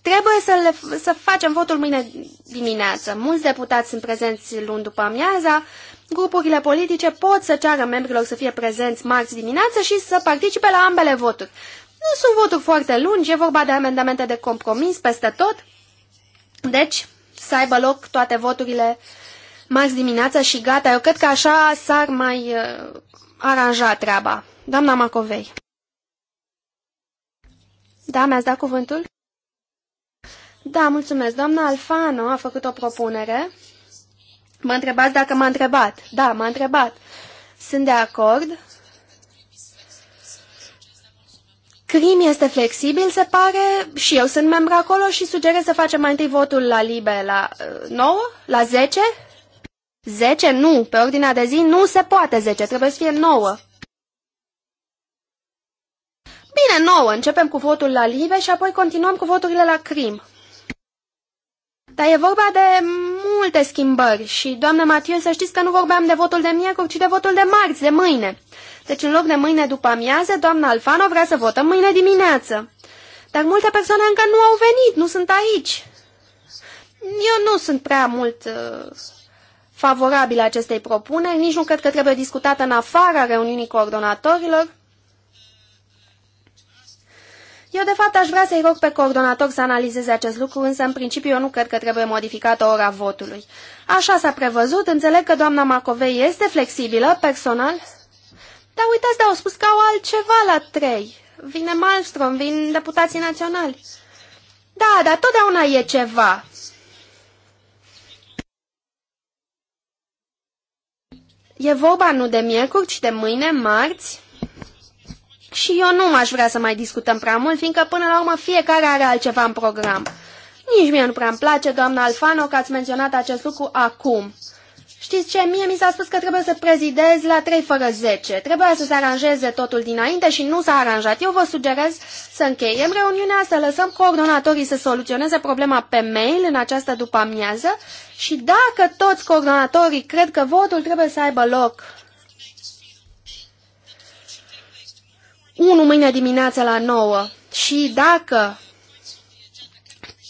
trebuie să, le, să facem votul mâine dimineață. Mulți deputați sunt prezenți luni după amiaza, grupurile politice pot să ceară membrilor să fie prezenți marți dimineață și să participe la ambele voturi. Nu sunt voturi foarte lungi, e vorba de amendamente de compromis peste tot, deci să aibă loc toate voturile marți dimineața și gata. Eu cred că așa s-ar mai uh, aranja treaba. Doamna Macovei. Da, mi-ați dat cuvântul? Da, mulțumesc. Doamna Alfano a făcut o propunere Mă întrebați dacă m-a întrebat. Da, m-a întrebat. Sunt de acord. Crim este flexibil, se pare, și eu sunt membru acolo și sugerez să facem mai întâi votul la libe la uh, 9, la 10. 10? Nu, pe ordinea de zi nu se poate 10, trebuie să fie 9. Bine, 9, începem cu votul la libe și apoi continuăm cu voturile la crim. Dar e vorba de multe schimbări și, doamnă Matiu, să știți că nu vorbeam de votul de miercuri, ci de votul de marți, de mâine. Deci, în loc de mâine după amiază, doamna Alfano vrea să votăm mâine dimineață. Dar multe persoane încă nu au venit, nu sunt aici. Eu nu sunt prea mult uh, favorabil acestei propuneri, nici nu cred că trebuie discutată în afara reuniunii coordonatorilor. Eu, de fapt, aș vrea să-i rog pe coordonator să analizeze acest lucru, însă, în principiu, eu nu cred că trebuie modificată ora votului. Așa s-a prevăzut, înțeleg că doamna Macovei este flexibilă, personal. Dar uitați, dar au spus că au altceva la trei. Vine Malmström, vin deputații naționali. Da, dar totdeauna e ceva. E vorba nu de miercuri, ci de mâine, marți și eu nu m-aș vrea să mai discutăm prea mult, fiindcă până la urmă fiecare are altceva în program. Nici mie nu prea îmi place, doamna Alfano, că ați menționat acest lucru acum. Știți ce? Mie mi s-a spus că trebuie să prezidez la 3 fără 10. Trebuia să se aranjeze totul dinainte și nu s-a aranjat. Eu vă sugerez să încheiem reuniunea, să lăsăm coordonatorii să soluționeze problema pe mail în această după-amiază și dacă toți coordonatorii cred că votul trebuie să aibă loc Unu mâine dimineață la 9 și dacă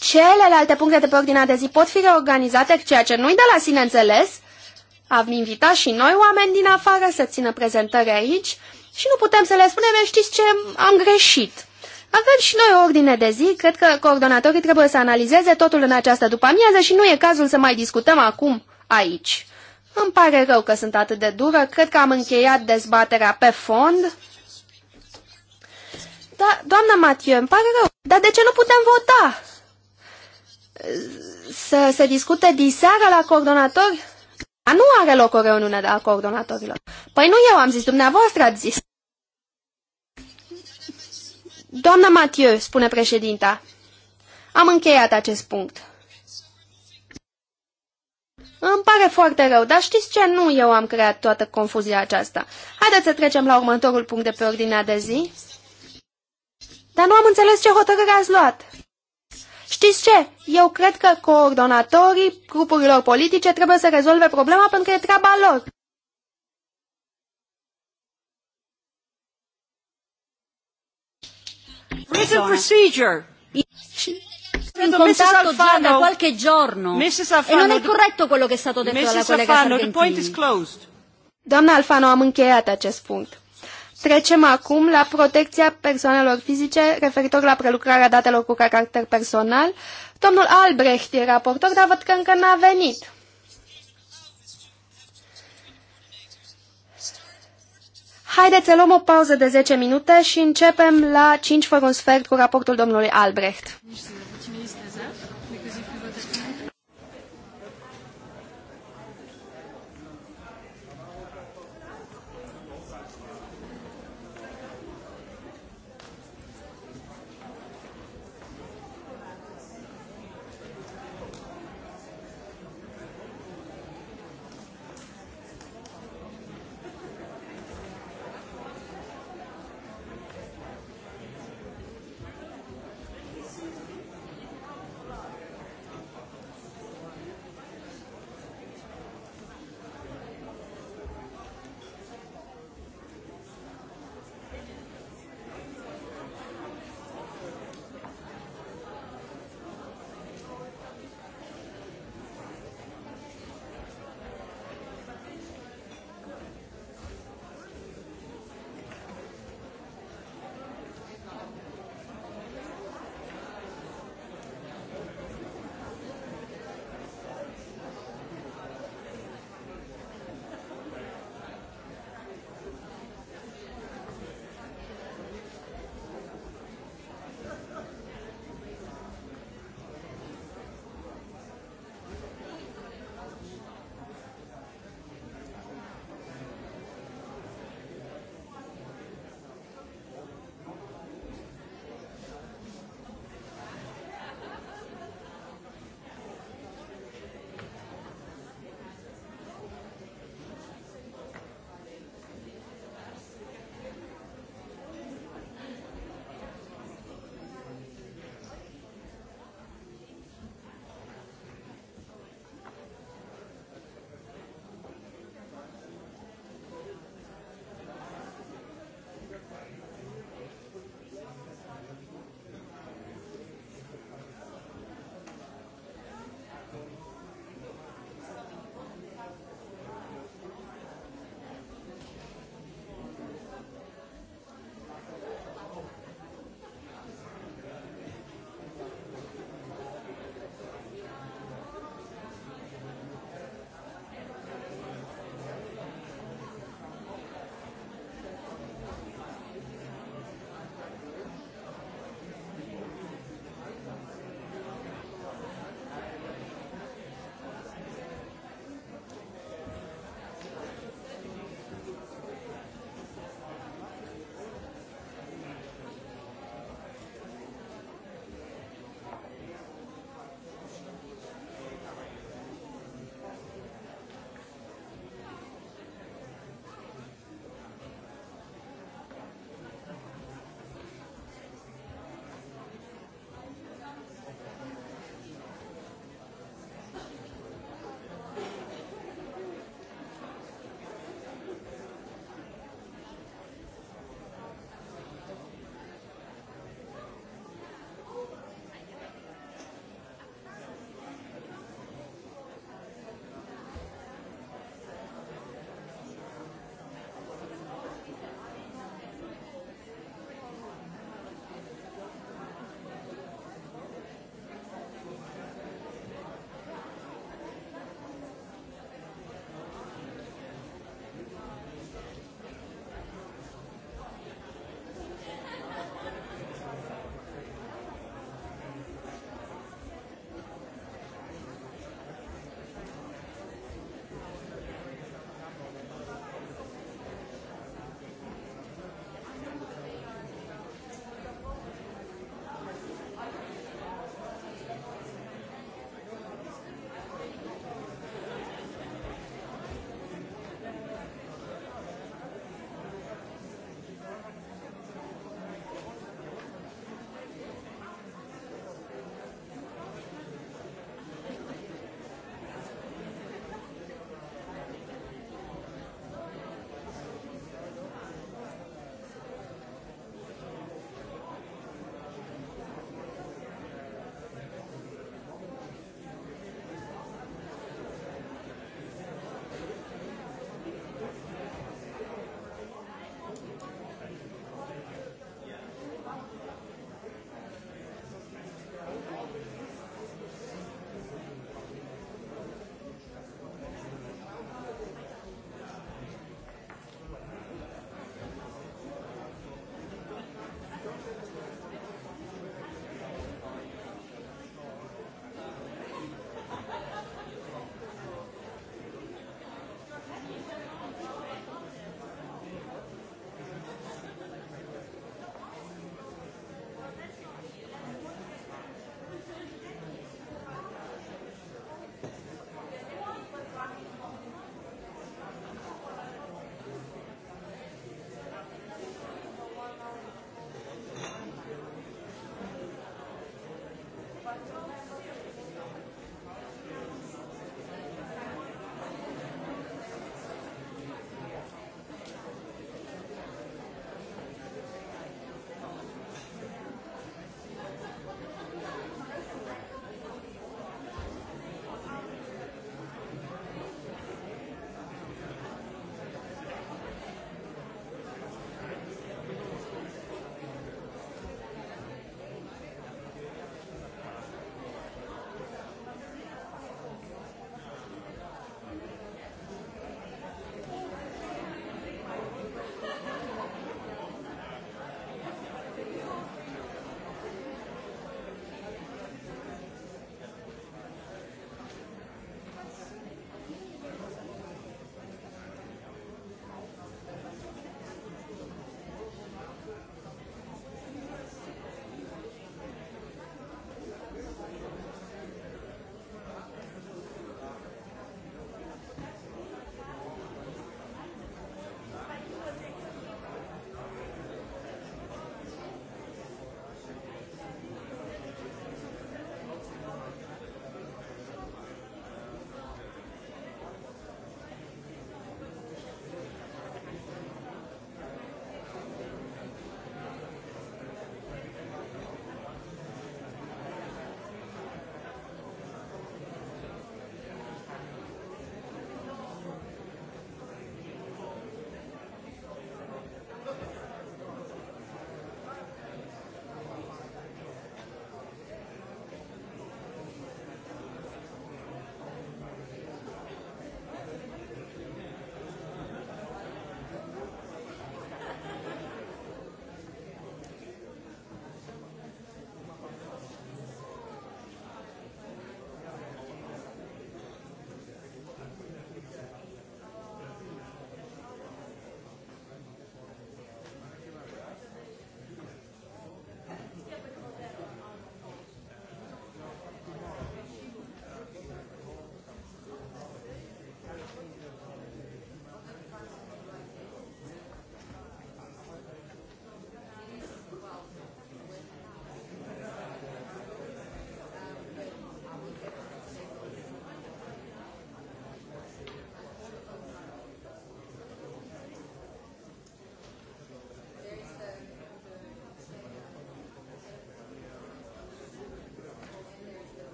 celelalte puncte de pe ordinea de zi pot fi reorganizate, ceea ce nu-i de la sine înțeles, am invitat și noi oameni din afară să țină prezentări aici și nu putem să le spunem, știți ce, am greșit. Avem și noi o ordine de zi, cred că coordonatorii trebuie să analizeze totul în această după-amiază și nu e cazul să mai discutăm acum aici. Îmi pare rău că sunt atât de dură, cred că am încheiat dezbaterea pe fond. Da, doamna Mathieu, îmi pare rău, dar de ce nu putem vota? Să se discute diseară la coordonatori? Dar nu are loc o reuniune de la coordonatorilor. Păi nu eu am zis, dumneavoastră ați zis. Doamna Mathieu, spune președinta, am încheiat acest punct. Îmi pare foarte rău, dar știți ce? Nu eu am creat toată confuzia aceasta. Haideți să trecem la următorul punct de pe ordinea de zi. Dar nu am înțeles ce hotărâre ați luat. Știți ce? Eu cred că coordonatorii grupurilor politice trebuie să rezolve problema pentru că e treaba lor. Written procedure. In contatto già da qualche giorno. Mrs. Alfano, e non è corretto quello che è stato detto dalla collega Alfano, the point is closed. Doamna Alfano, am încheiat acest punct. Trecem acum la protecția persoanelor fizice referitor la prelucrarea datelor cu caracter personal. Domnul Albrecht e raportor, dar văd că încă n-a venit. Haideți să luăm o pauză de 10 minute și începem la 5 fără un sfert cu raportul domnului Albrecht.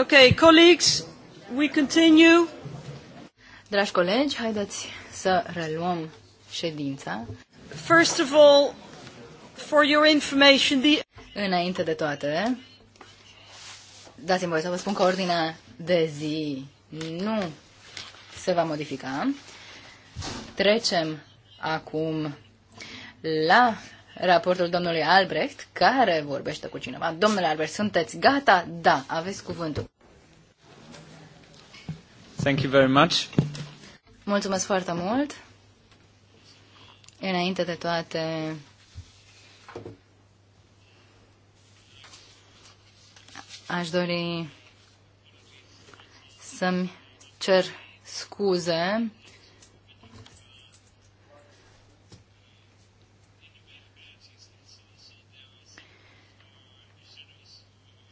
Ok, colleagues, we continue. Dragi colegi, haideți să reluăm ședința. First of all, for your information, the... Înainte de toate, dați-mi voie să vă spun că ordinea de zi nu se va modifica. Trecem acum la raportul domnului Albrecht, care vorbește cu cineva. Domnule Albert, sunteți gata? Da, aveți cuvântul. Thank you very much. Mulțumesc foarte mult. Înainte de toate, aș dori să-mi cer scuze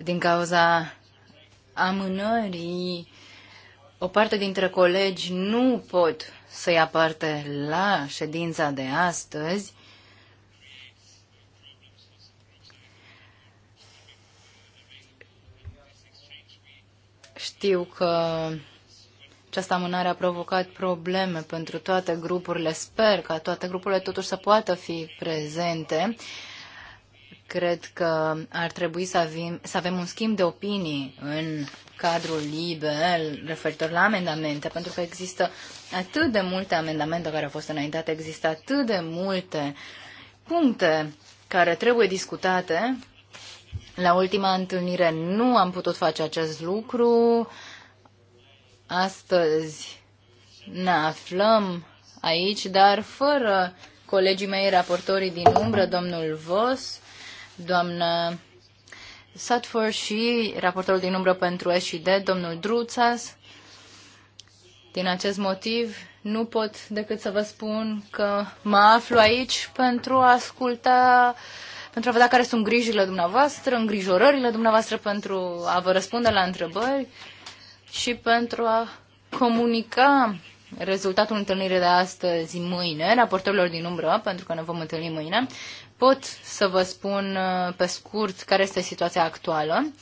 din cauza amânării, o parte dintre colegi nu pot să ia parte la ședința de astăzi. Știu că această amânare a provocat probleme pentru toate grupurile. Sper ca toate grupurile totuși să poată fi prezente. Cred că ar trebui să avem, să avem un schimb de opinii în cadrul liber referitor la amendamente, pentru că există atât de multe amendamente care au fost înaintate, există atât de multe puncte care trebuie discutate. La ultima întâlnire nu am putut face acest lucru. Astăzi ne aflăm aici, dar fără colegii mei raportorii din umbră, domnul Vos, doamnă Satfor și raportorul din umbră pentru S&D, domnul Druțas. Din acest motiv, nu pot decât să vă spun că mă aflu aici pentru a asculta, pentru a vedea care sunt grijile dumneavoastră, îngrijorările dumneavoastră, pentru a vă răspunde la întrebări și pentru a comunica rezultatul întâlnirii de astăzi mâine, raportorilor din umbră, pentru că ne vom întâlni mâine pot să vă spun uh, pe scurt care este situația actuală.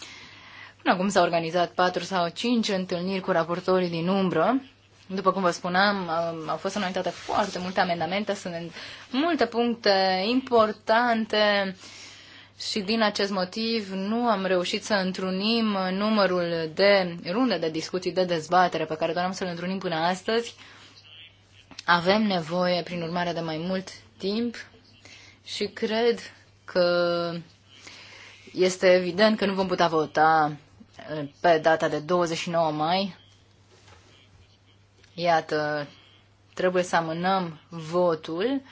Până acum s-au organizat patru sau cinci întâlniri cu raportorii din umbră. După cum vă spuneam, um, au fost anunțate foarte multe amendamente, sunt multe puncte importante și din acest motiv nu am reușit să întrunim numărul de runde de discuții, de dezbatere pe care doream să-l întrunim până astăzi. Avem nevoie, prin urmare, de mai mult timp și cred că este evident că nu vom putea vota eh, pe data de 29 mai. Iată, trebuie să amânăm votul.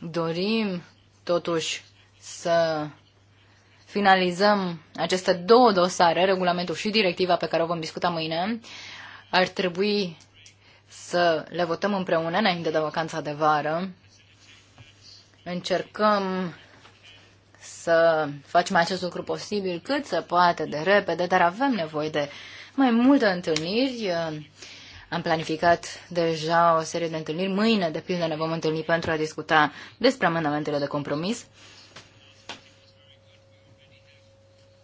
Dorim totuși să finalizăm aceste două dosare, regulamentul și directiva pe care o vom discuta mâine. Ar trebui să le votăm împreună înainte de vacanța de vară. Încercăm să facem acest lucru posibil cât se poate de repede, dar avem nevoie de mai multe întâlniri. Am planificat deja o serie de întâlniri. Mâine, de pildă, ne vom întâlni pentru a discuta despre amendamentele de compromis.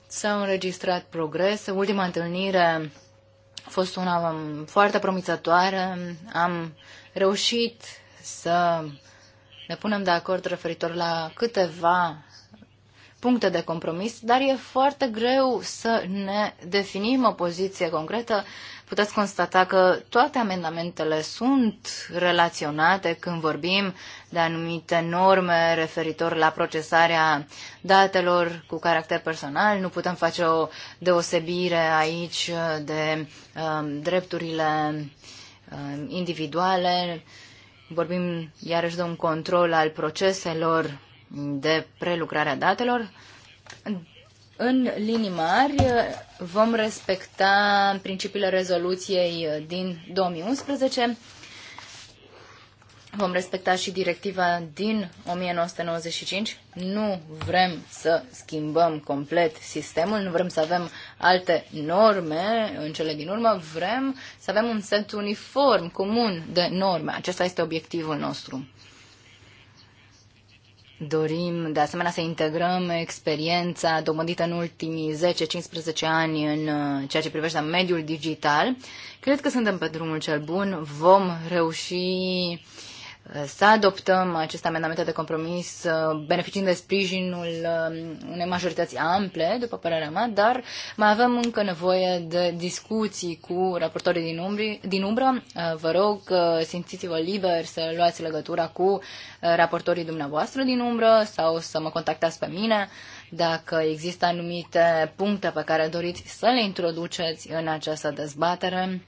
S-au înregistrat progrese. Ultima întâlnire fost una foarte promițătoare. Am reușit să ne punem de acord referitor la câteva puncte de compromis, dar e foarte greu să ne definim o poziție concretă puteți constata că toate amendamentele sunt relaționate când vorbim de anumite norme referitor la procesarea datelor cu caracter personal. Nu putem face o deosebire aici de um, drepturile um, individuale. Vorbim iarăși de un control al proceselor de prelucrare a datelor. În linii mari vom respecta principiile rezoluției din 2011, vom respecta și directiva din 1995. Nu vrem să schimbăm complet sistemul, nu vrem să avem alte norme în cele din urmă, vrem să avem un set uniform, comun de norme. Acesta este obiectivul nostru. Dorim, de asemenea, să integrăm experiența dobândită în ultimii 10-15 ani în uh, ceea ce privește mediul digital. Cred că suntem pe drumul cel bun, vom reuși să adoptăm acest amendament de compromis uh, beneficiind de sprijinul um, unei majorități ample, după părerea mea, dar mai avem încă nevoie de discuții cu raportorii din, umbri, din umbră. Uh, vă rog, uh, simțiți-vă liber să luați legătura cu raportorii dumneavoastră din umbră sau să mă contactați pe mine dacă există anumite puncte pe care doriți să le introduceți în această dezbatere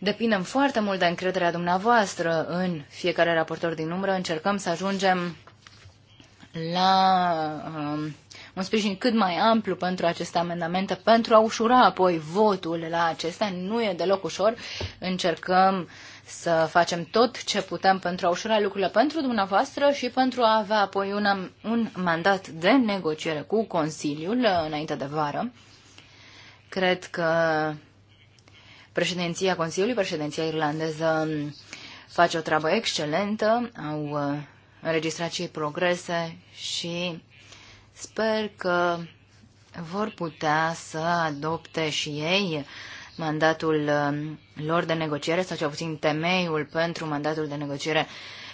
Depindem foarte mult de încrederea dumneavoastră în fiecare raportor din umbră. Încercăm să ajungem la um, un sprijin cât mai amplu pentru aceste amendamente, pentru a ușura apoi votul la acestea. Nu e deloc ușor. Încercăm să facem tot ce putem pentru a ușura lucrurile pentru dumneavoastră și pentru a avea apoi un, un mandat de negociere cu Consiliul înainte de vară. Cred că Președinția Consiliului, președinția irlandeză um, face o treabă excelentă, au uh, înregistrat și progrese și sper că vor putea să adopte și ei mandatul um, lor de negociere sau cel puțin temeiul pentru mandatul de negociere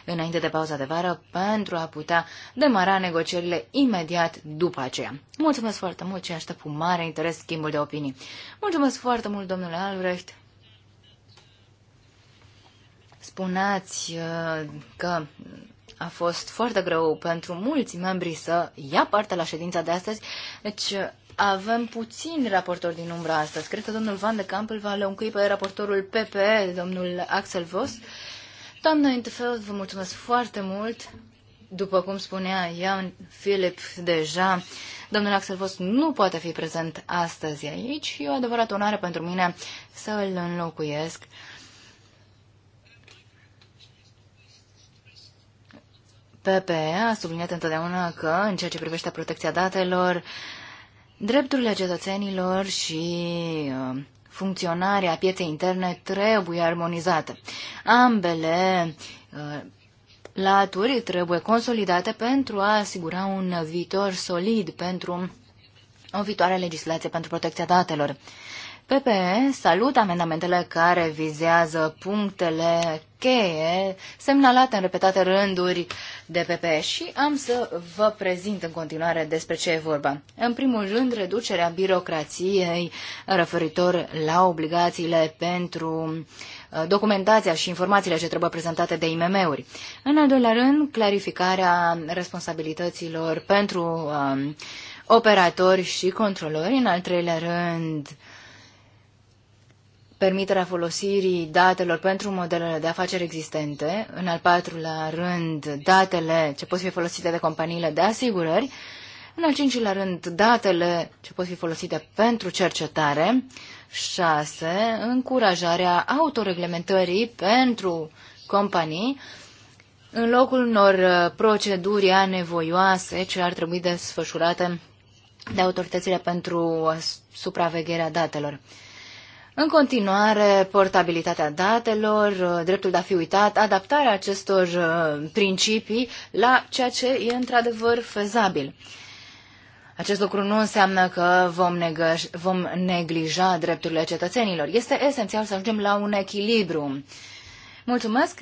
înainte de pauza de vară pentru a putea demara negocierile imediat după aceea. Mulțumesc foarte mult și aștept cu mare interes schimbul de opinii. Mulțumesc foarte mult, domnule Albrecht. Spuneați uh, că a fost foarte greu pentru mulți membri să ia parte la ședința de astăzi, deci avem puțini raportori din umbra astăzi. Cred că domnul Van de Camp îl va lăuncui pe raportorul PPE, domnul Axel Voss, Doamna Interfeld, vă mulțumesc foarte mult. După cum spunea Ian Philip deja, domnul Axel Vos nu poate fi prezent astăzi aici. E o adevărată onoare pentru mine să îl înlocuiesc. PPE a subliniat întotdeauna că, în ceea ce privește protecția datelor, drepturile cetățenilor și uh, funcționare a pieței interne trebuie armonizată. Ambele uh, laturi trebuie consolidate pentru a asigura un viitor solid pentru o viitoare legislație pentru protecția datelor. PPE salută amendamentele care vizează punctele cheie semnalate în repetate rânduri de PPE și am să vă prezint în continuare despre ce e vorba. În primul rând, reducerea birocrației referitor la obligațiile pentru uh, documentația și informațiile ce trebuie prezentate de IMM-uri. În al doilea rând, clarificarea responsabilităților pentru um, operatori și controlori. În al treilea rând, uh, permiterea folosirii datelor pentru modelele de afaceri existente, în al patrulea rând datele ce pot fi folosite de companiile de asigurări, în al cincilea rând datele ce pot fi folosite pentru cercetare, 6. încurajarea autoreglementării pentru companii, în locul unor uh, proceduri anevoioase ce ar trebui desfășurate de autoritățile pentru uh, supravegherea datelor. În continuare, portabilitatea datelor, dreptul de a fi uitat, adaptarea acestor uh, principii la ceea ce e într-adevăr fezabil. Acest lucru nu înseamnă că vom, negă, vom neglija drepturile cetățenilor. Este esențial să ajungem la un echilibru. Mulțumesc,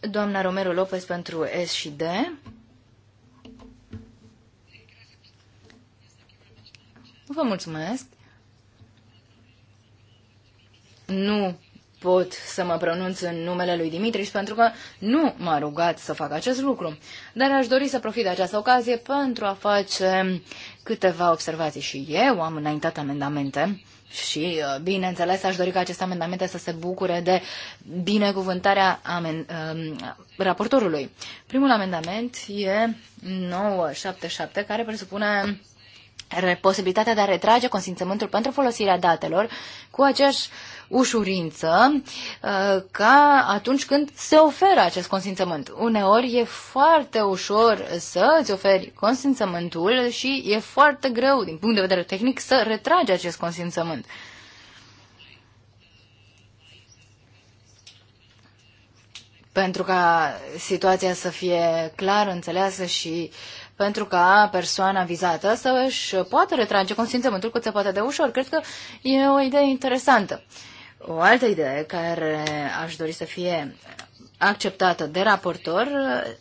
doamna Romero Lopez, pentru S și D. Vă mulțumesc nu pot să mă pronunț în numele lui Dimitris pentru că nu m-a rugat să fac acest lucru. Dar aș dori să profit de această ocazie pentru a face câteva observații și eu am înaintat amendamente și, uh, bineînțeles, aș dori ca aceste amendamente să se bucure de binecuvântarea amen, um, raportorului. Primul amendament e 977, care presupune posibilitatea de a retrage consimțământul pentru folosirea datelor cu aceeași ușurință uh, ca atunci când se oferă acest consimțământ. Uneori e foarte ușor să îți oferi consimțământul și e foarte greu din punct de vedere tehnic să retragi acest consimțământ. pentru ca situația să fie clar înțeleasă și pentru ca persoana vizată să își poată retrage consimțământul cât se poate de ușor. Cred că e o idee interesantă. O altă idee care aș dori să fie acceptată de raportor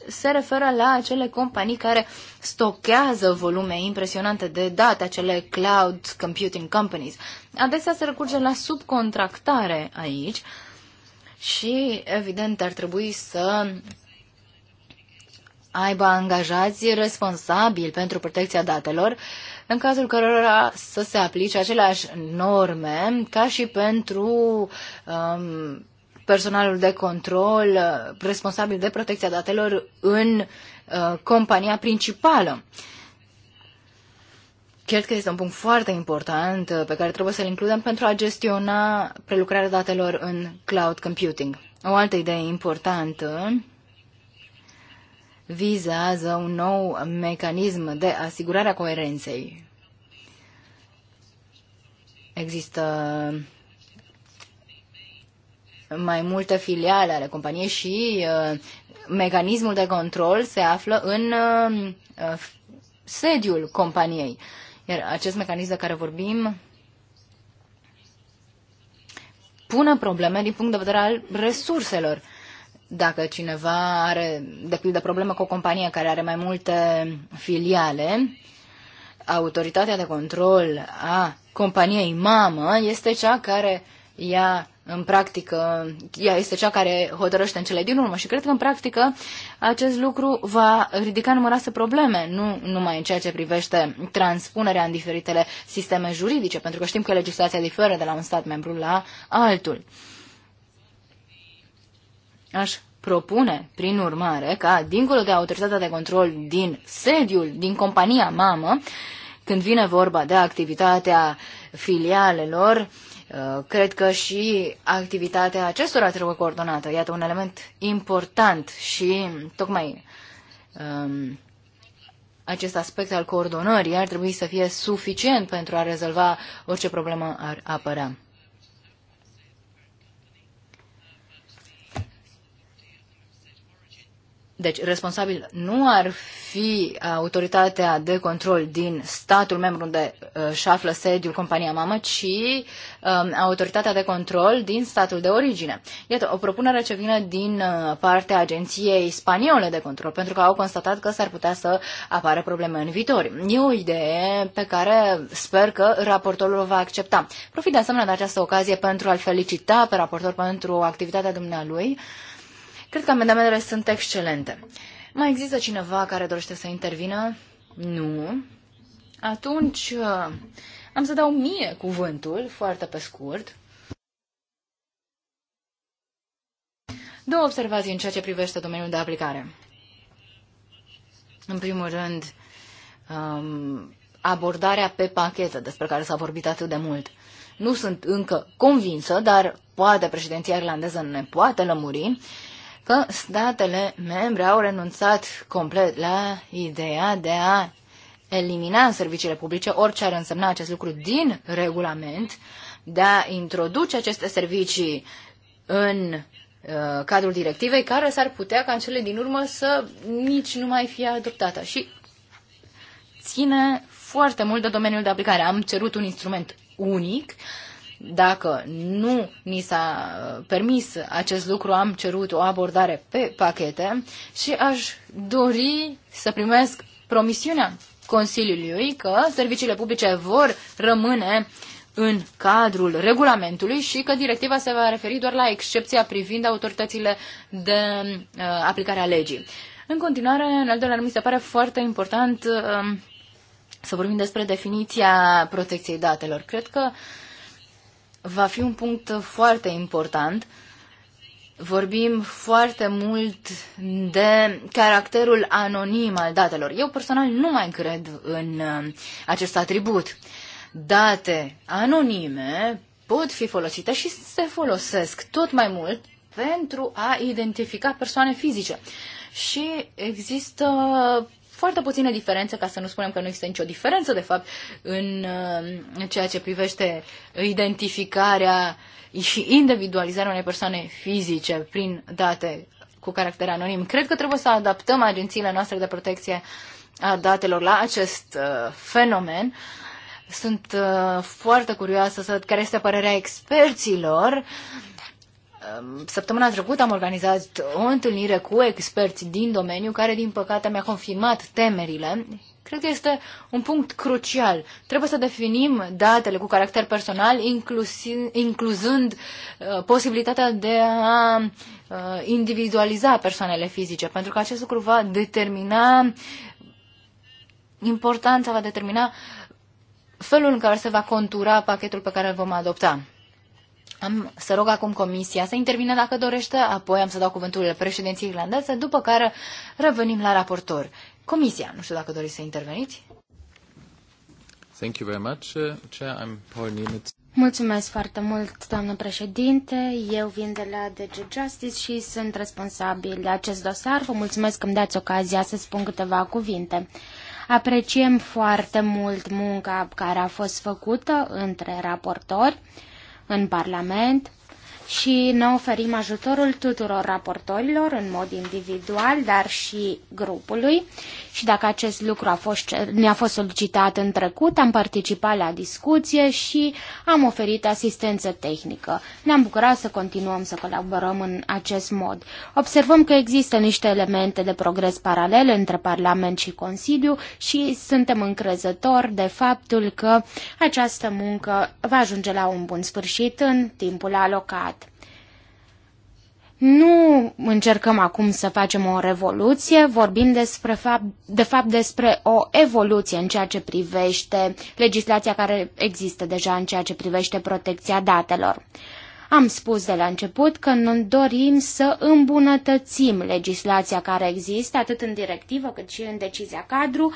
se referă la acele companii care stochează volume impresionante de date, acele cloud computing companies. Adesea se recurge la subcontractare aici și, evident, ar trebui să aibă angajați responsabili pentru protecția datelor, în cazul cărora să se aplice aceleași norme ca și pentru um, personalul de control uh, responsabil de protecția datelor în uh, compania principală. Cred că este un punct foarte important uh, pe care trebuie să-l includem pentru a gestiona prelucrarea datelor în cloud computing. O altă idee importantă vizează un nou mecanism de asigurare a coerenței. Există mai multe filiale ale companiei și uh, mecanismul de control se află în uh, sediul companiei. Iar acest mecanism de care vorbim pune probleme din punct de vedere al resurselor. Dacă cineva are, de pildă, problemă cu o companie care are mai multe filiale, autoritatea de control a companiei mamă este cea care ia în practică, ea este cea care hotărăște în cele din urmă și cred că în practică acest lucru va ridica numeroase probleme, nu numai în ceea ce privește transpunerea în diferitele sisteme juridice, pentru că știm că legislația diferă de la un stat membru la altul. Aș propune, prin urmare, ca, dincolo de autoritatea de control din sediul, din compania mamă, când vine vorba de activitatea filialelor, uh, cred că și activitatea acestora trebuie coordonată. Iată un element important și tocmai um, acest aspect al coordonării ar trebui să fie suficient pentru a rezolva orice problemă ar apărea. Deci, responsabil nu ar fi uh, autoritatea de control din statul membru unde uh, își uh, află sediul compania mamă, ci um, autoritatea de control din statul de origine. Iată, o propunere ce vine din uh, partea Agenției Spaniole de Control, pentru că au constatat că s-ar putea să apară probleme în viitor. E o idee pe care sper că raportorul o va accepta. Profit de asemenea de această ocazie pentru a-l felicita pe raportor pentru activitatea dumnealui. Cred că amendamentele sunt excelente. Mai există cineva care dorește să intervină? Nu. Atunci uh, am să dau mie cuvântul, foarte pe scurt. Două observații în ceea ce privește domeniul de aplicare. În primul rând, um, abordarea pe pachetă despre care s-a vorbit atât de mult. Nu sunt încă convinsă, dar poate președinția irlandeză ne poate lămuri că statele membre au renunțat complet la ideea de a elimina în serviciile publice orice ar însemna acest lucru din regulament, de a introduce aceste servicii în uh, cadrul directivei, care s-ar putea ca în cele din urmă să nici nu mai fie adoptată. Și ține foarte mult de domeniul de aplicare. Am cerut un instrument unic, dacă nu ni s-a uh, permis acest lucru, am cerut o abordare pe pachete și aș dori să primesc promisiunea Consiliului că serviciile publice vor rămâne în cadrul regulamentului și că directiva se va referi doar la excepția privind autoritățile de uh, aplicare a legii. În continuare, în al doilea rând, mi se pare foarte important uh, să vorbim despre definiția protecției datelor. Cred că uh, va fi un punct foarte important. Vorbim foarte mult de caracterul anonim al datelor. Eu personal nu mai cred în uh, acest atribut. Date anonime pot fi folosite și se folosesc tot mai mult pentru a identifica persoane fizice. Și există foarte puține diferențe, ca să nu spunem că nu există nicio diferență, de fapt, uh, în ceea ce privește identificarea și individualizarea unei persoane fizice prin date cu caracter anonim. Cred că trebuie să adaptăm agențiile noastre de protecție a datelor la acest uh, fenomen. Sunt uh, foarte curioasă să care este părerea experților Săptămâna trecută am organizat o întâlnire cu experți din domeniu care, din păcate, mi-a confirmat temerile. Cred că este un punct crucial. Trebuie să definim datele cu caracter personal, inclusiv, incluzând uh, posibilitatea de a uh, individualiza persoanele fizice, pentru că acest lucru va determina importanța, va determina felul în care se va contura pachetul pe care îl vom adopta. Am să rog acum Comisia să intervină dacă dorește, apoi am să dau cuvântul președinției irlandeze, după care revenim la raportor. Comisia, nu știu dacă doriți să interveniți. Thank you very much, uh, Chair. I'm Paul Nimitz. Mulțumesc foarte mult, doamnă președinte. Eu vin de la DG Justice și sunt responsabil de acest dosar. Vă mulțumesc că îmi dați ocazia să spun câteva cuvinte. Apreciem foarte mult munca care a fost făcută între raportori în Parlament și ne oferim ajutorul tuturor raportorilor în mod individual, dar și grupului. Și dacă acest lucru a fost, ne-a fost solicitat în trecut, am participat la discuție și am oferit asistență tehnică. Ne-am bucurat să continuăm să colaborăm în acest mod. Observăm că există niște elemente de progres paralele între Parlament și Consiliu și suntem încrezători de faptul că această muncă va ajunge la un bun sfârșit în timpul alocat. Nu încercăm acum să facem o revoluție, vorbim despre fapt, de fapt despre o evoluție în ceea ce privește legislația care există deja în ceea ce privește protecția datelor. Am spus de la început că nu dorim să îmbunătățim legislația care există, atât în directivă cât și în decizia cadru.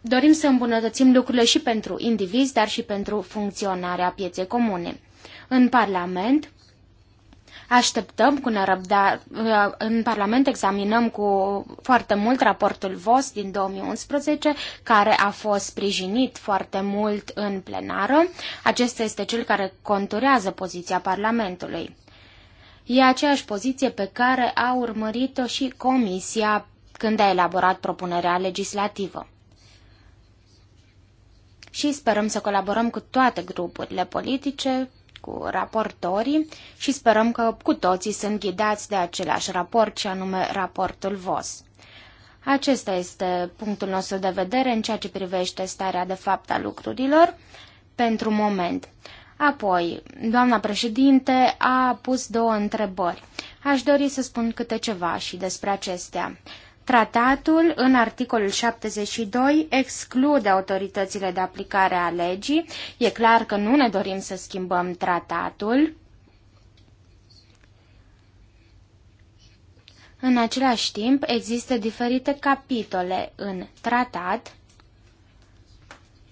Dorim să îmbunătățim lucrurile și pentru indivizi, dar și pentru funcționarea pieței comune. În Parlament, Așteptăm cu nerăbdare, uh, în Parlament examinăm cu foarte mult raportul VOS din 2011, care a fost sprijinit foarte mult în plenară. Acesta este cel care conturează poziția Parlamentului. E aceeași poziție pe care a urmărit-o și Comisia când a elaborat propunerea legislativă. Și sperăm să colaborăm cu toate grupurile politice cu raportorii și sperăm că cu toții sunt ghidați de același raport, și anume raportul VOS. Acesta este punctul nostru de vedere în ceea ce privește starea de fapt a lucrurilor pentru moment. Apoi, doamna președinte a pus două întrebări. Aș dori să spun câte ceva și despre acestea. Tratatul, în articolul 72, exclude autoritățile de aplicare a legii. E clar că nu ne dorim să schimbăm tratatul. În același timp, există diferite capitole în tratat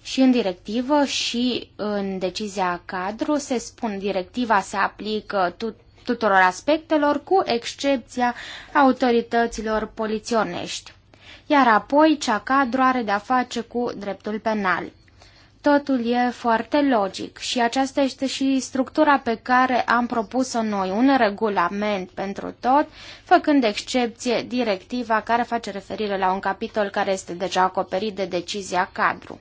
și în directivă și în decizia cadru se spun directiva se aplică tut tuturor aspectelor, cu excepția autorităților poliționești. Iar apoi, cea cadru are de-a face cu dreptul penal. Totul e foarte logic și aceasta este și structura pe care am propus-o noi, un regulament pentru tot, făcând excepție directiva care face referire la un capitol care este deja acoperit de decizia cadru.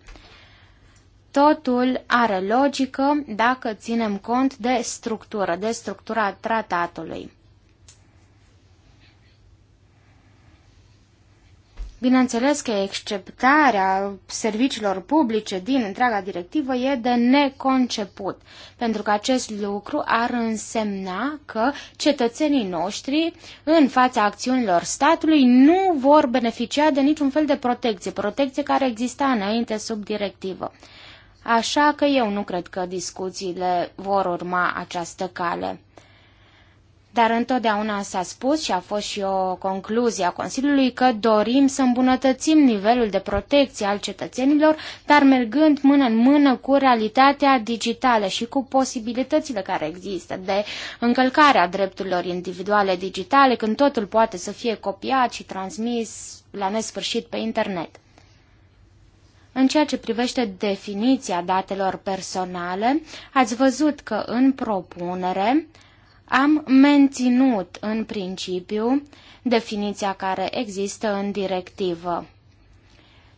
Totul are logică dacă ținem cont de structură, de structura tratatului. Bineînțeles că exceptarea serviciilor publice din întreaga directivă e de neconceput, pentru că acest lucru ar însemna că cetățenii noștri, în fața acțiunilor statului, nu vor beneficia de niciun fel de protecție, protecție care exista înainte sub directivă. Așa că eu nu cred că discuțiile vor urma această cale. Dar întotdeauna s-a spus și a fost și o concluzie a Consiliului că dorim să îmbunătățim nivelul de protecție al cetățenilor, dar mergând mână în mână cu realitatea digitală și cu posibilitățile care există de încălcarea drepturilor individuale digitale, când totul poate să fie copiat și transmis la nesfârșit pe internet. În ceea ce privește definiția datelor personale, ați văzut că în propunere am menținut în principiu definiția care există în directivă.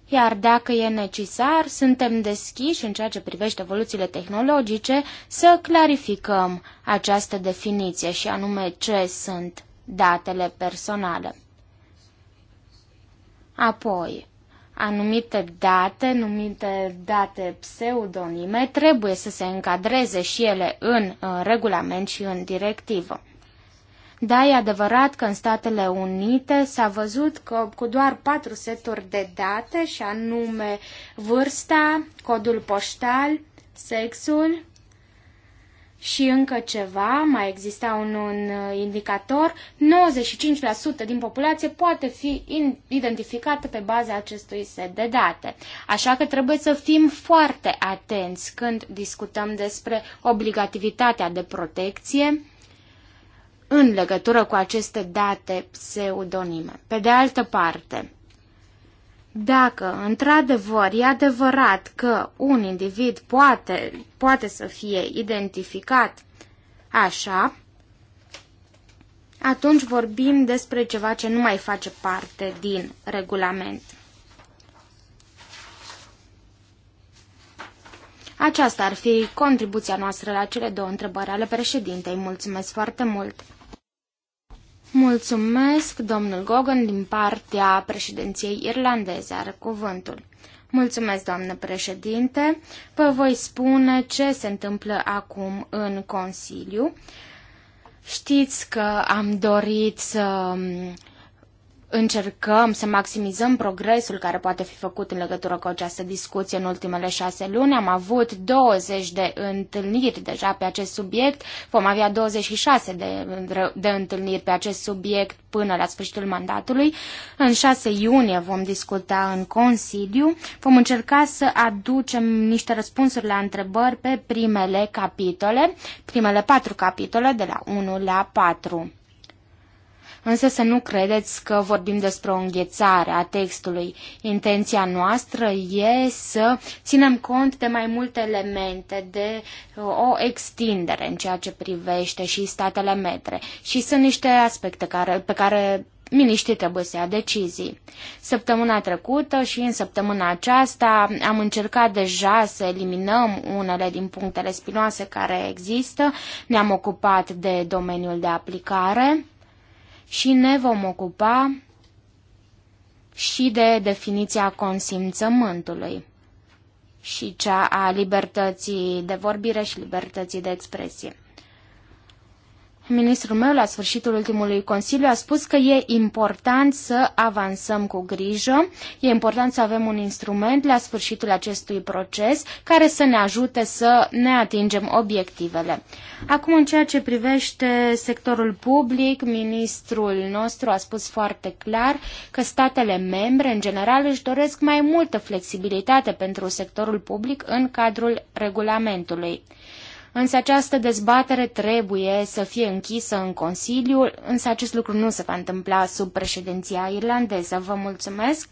Iar dacă e necesar, suntem deschiși în ceea ce privește evoluțiile tehnologice să clarificăm această definiție și anume ce sunt datele personale. Apoi, anumite date, numite date pseudonime, trebuie să se încadreze și ele în uh, regulament și în directivă. Da, e adevărat că în Statele Unite s-a văzut că cu doar patru seturi de date, și anume vârsta, codul poștal, sexul, și încă ceva, mai exista un, un uh, indicator, 95% din populație poate fi in, identificată pe baza acestui set de date. Așa că trebuie să fim foarte atenți când discutăm despre obligativitatea de protecție în legătură cu aceste date pseudonime. Pe de altă parte, dacă într-adevăr e adevărat că un individ poate, poate să fie identificat așa, atunci vorbim despre ceva ce nu mai face parte din regulament. Aceasta ar fi contribuția noastră la cele două întrebări ale președintei. Mulțumesc foarte mult! Mulțumesc, domnul Gogan, din partea președinției irlandeze, are cuvântul. Mulțumesc, doamnă președinte. Vă voi spune ce se întâmplă acum în Consiliu. Știți că am dorit să încercăm să maximizăm progresul care poate fi făcut în legătură cu această discuție în ultimele șase luni. Am avut 20 de întâlniri deja pe acest subiect, vom avea 26 de, de întâlniri pe acest subiect până la sfârșitul mandatului. În 6 iunie vom discuta în Consiliu, vom încerca să aducem niște răspunsuri la întrebări pe primele capitole, primele patru capitole de la 1 la 4 însă să nu credeți că vorbim despre o înghețare a textului. Intenția noastră e să ținem cont de mai multe elemente, de uh, o extindere în ceea ce privește și statele metre. Și sunt niște aspecte care, pe care miniștrii trebuie să ia decizii. Săptămâna trecută și în săptămâna aceasta am încercat deja să eliminăm unele din punctele spinoase care există, ne-am ocupat de domeniul de aplicare și ne vom ocupa și de definiția consimțământului și cea a libertății de vorbire și libertății de expresie. Ministrul meu, la sfârșitul ultimului Consiliu, a spus că e important să avansăm cu grijă, e important să avem un instrument la sfârșitul acestui proces care să ne ajute să ne atingem obiectivele. Acum, în ceea ce privește sectorul public, ministrul nostru a spus foarte clar că statele membre, în general, își doresc mai multă flexibilitate pentru sectorul public în cadrul regulamentului. Însă această dezbatere trebuie să fie închisă în Consiliu, însă acest lucru nu se va întâmpla sub președinția irlandeză. Vă mulțumesc,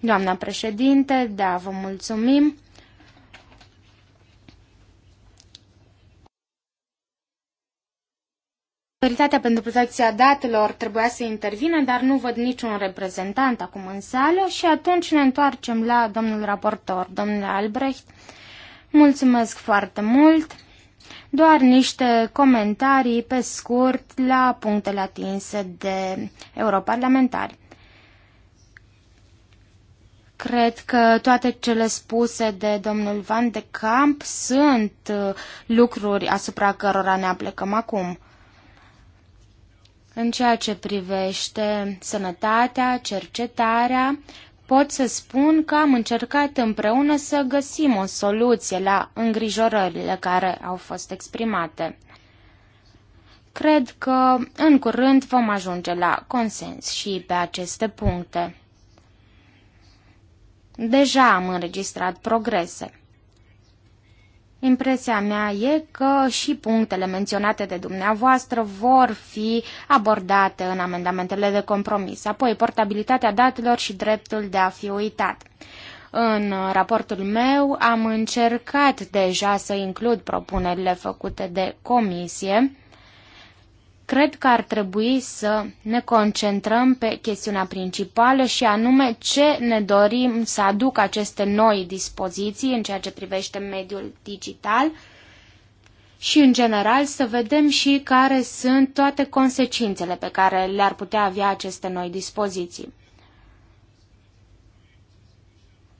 doamna președinte, da, vă mulțumim. Autoritatea pentru protecția datelor trebuia să intervină, dar nu văd niciun reprezentant acum în sală și atunci ne întoarcem la domnul raportor, domnul Albrecht. Mulțumesc foarte mult! Doar niște comentarii pe scurt la punctele atinse de europarlamentari. Cred că toate cele spuse de domnul Van de Camp sunt uh, lucruri asupra cărora ne aplecăm acum. În ceea ce privește sănătatea, cercetarea pot să spun că am încercat împreună să găsim o soluție la îngrijorările care au fost exprimate. Cred că în curând vom ajunge la consens și pe aceste puncte. Deja am înregistrat progrese. Impresia mea e că și punctele menționate de dumneavoastră vor fi abordate în amendamentele de compromis, apoi portabilitatea datelor și dreptul de a fi uitat. În raportul meu am încercat deja să includ propunerile făcute de comisie Cred că ar trebui să ne concentrăm pe chestiunea principală și anume ce ne dorim să aduc aceste noi dispoziții în ceea ce privește mediul digital și, în general, să vedem și care sunt toate consecințele pe care le-ar putea avea aceste noi dispoziții.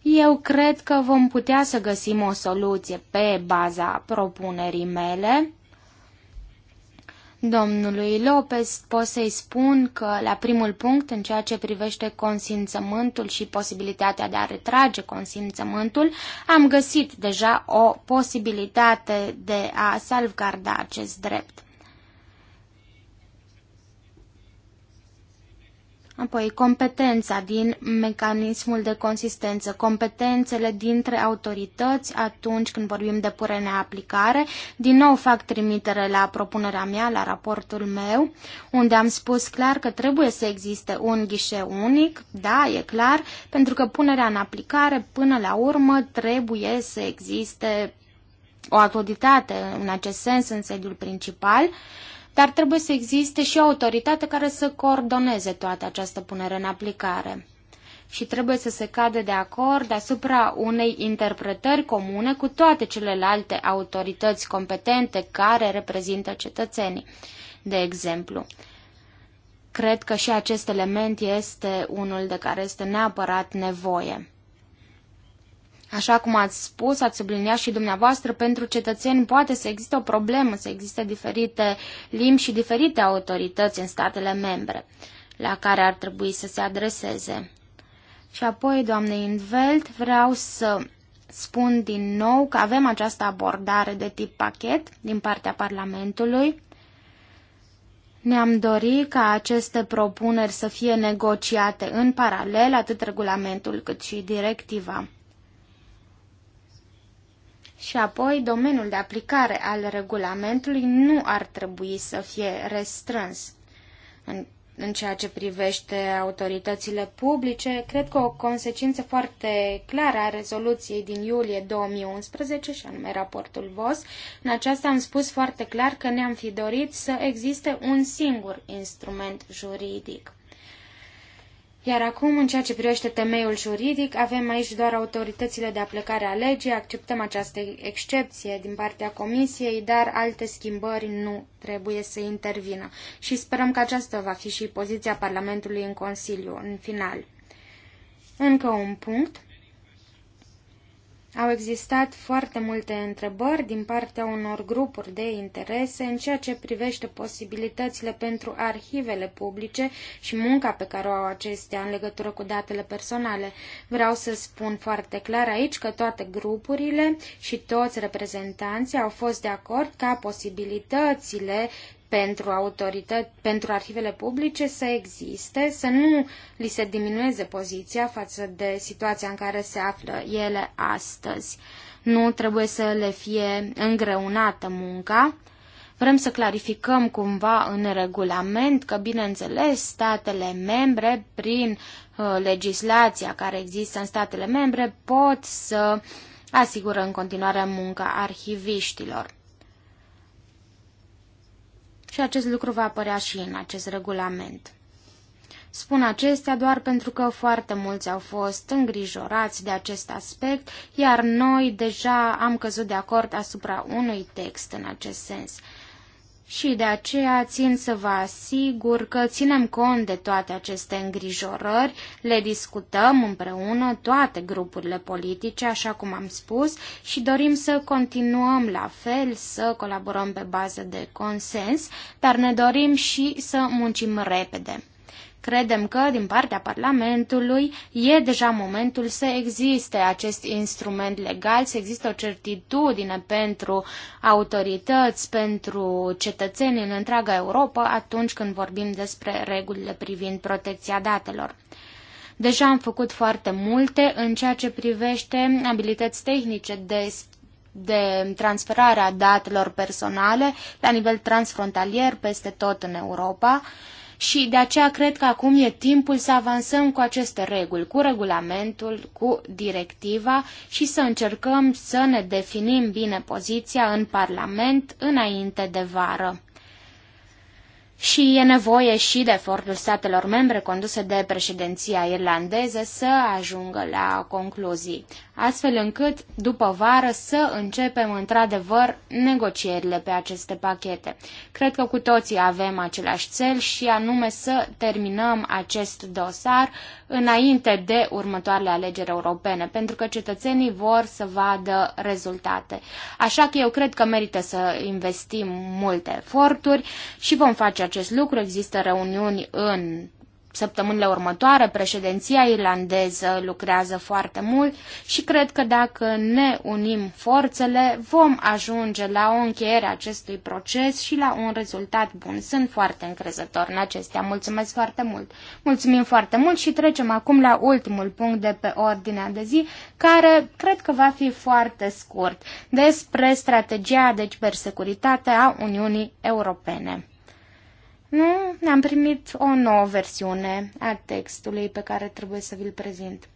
Eu cred că vom putea să găsim o soluție pe baza propunerii mele Domnului Lopez pot să-i spun că la primul punct, în ceea ce privește consimțământul și posibilitatea de a retrage consimțământul, am găsit deja o posibilitate de a salvgarda acest drept. Apoi, competența din mecanismul de consistență, competențele dintre autorități atunci când vorbim de purene aplicare. Din nou fac trimitere la propunerea mea, la raportul meu, unde am spus clar că trebuie să existe un ghișeu unic, da, e clar, pentru că punerea în aplicare până la urmă trebuie să existe o autoritate în acest sens în sediul principal. Uh, dar trebuie să existe și o autoritate care să coordoneze toată această punere în aplicare. Și trebuie să se cadă de acord asupra unei interpretări comune cu toate celelalte autorități competente care reprezintă cetățenii, de exemplu. Cred că și acest element este unul de care este neapărat nevoie. Așa cum ați spus, ați subliniat și dumneavoastră, pentru cetățeni poate să existe o problemă, să existe diferite limbi și diferite autorități în statele membre la care ar trebui să se adreseze. Și apoi, doamne Invelt, vreau să spun din nou că avem această abordare de tip pachet din partea Parlamentului. Ne-am dorit ca aceste propuneri să fie negociate în paralel, atât regulamentul cât și directiva. Și apoi, domeniul de aplicare al regulamentului nu ar trebui să fie restrâns. În, în ceea ce privește autoritățile publice, cred că o consecință foarte clară a rezoluției din iulie 2011, și anume raportul VOS, în aceasta am spus foarte clar că ne-am fi dorit să existe un singur instrument juridic. Iar acum, în ceea ce privește temeiul juridic, avem aici doar autoritățile de aplicare a legii, acceptăm această excepție din partea Comisiei, dar alte schimbări nu trebuie să intervină. Și sperăm că aceasta va fi și poziția Parlamentului în Consiliu, în final. Încă un punct. Au existat foarte multe întrebări din partea unor grupuri de interese în ceea ce privește posibilitățile pentru arhivele publice și munca pe care o au acestea în legătură cu datele personale. Vreau să spun foarte clar aici că toate grupurile și toți reprezentanții au fost de acord ca posibilitățile pentru, autorități, pentru arhivele publice să existe, să nu li se diminueze poziția față de situația în care se află ele astăzi. Nu trebuie să le fie îngreunată munca. Vrem să clarificăm cumva în regulament că, bineînțeles, statele membre, prin uh, legislația care există în statele membre, pot să asigură în continuare munca arhiviștilor și acest lucru va apărea și în acest regulament. Spun acestea doar pentru că foarte mulți au fost îngrijorați de acest aspect, iar noi deja am căzut de acord asupra unui text în acest sens și de aceea țin să vă asigur că ținem cont de toate aceste îngrijorări, le discutăm împreună toate grupurile politice, așa cum am spus, și dorim să continuăm la fel, să colaborăm pe bază de consens, dar ne dorim și să muncim repede. Credem că, din partea Parlamentului, e deja momentul să existe acest instrument legal, să existe o certitudine pentru autorități, pentru cetățenii în întreaga Europa atunci când vorbim despre regulile privind protecția datelor. Deja am făcut foarte multe în ceea ce privește abilități tehnice de de transferarea datelor personale la nivel transfrontalier peste tot în Europa și de aceea cred că acum e timpul să avansăm cu aceste reguli, cu regulamentul, cu directiva și să încercăm să ne definim bine poziția în Parlament înainte de vară. Și e nevoie și de efortul statelor membre conduse de președinția irlandeză să ajungă la concluzii astfel încât, după vară, să începem într-adevăr negocierile pe aceste pachete. Cred că cu toții avem același cel și anume să terminăm acest dosar înainte de următoarele alegeri europene, pentru că cetățenii vor să vadă rezultate. Așa că eu cred că merită să investim multe eforturi și vom face acest lucru. Există reuniuni în săptămânile următoare. Președinția irlandeză lucrează foarte mult și cred că dacă ne unim forțele, vom ajunge la o încheiere a acestui proces și la un rezultat bun. Sunt foarte încrezător în acestea. Mulțumesc foarte mult! Mulțumim foarte mult și trecem acum la ultimul punct de pe ordinea de zi, care cred că va fi foarte scurt, despre strategia de cibersecuritate a Uniunii Europene. Nu, am primit o nouă versiune a textului pe care trebuie să vi-l prezint.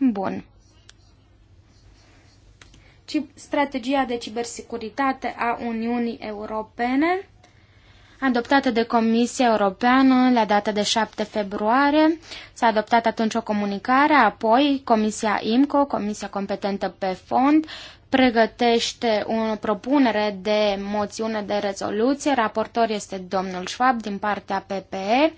Bun. Strategia de cibersecuritate a Uniunii Europene, adoptată de Comisia Europeană la data de 7 februarie, s-a adoptat atunci o comunicare, apoi Comisia IMCO, Comisia competentă pe fond, pregătește o propunere de moțiune de rezoluție. Raportor este domnul Schwab din partea PPE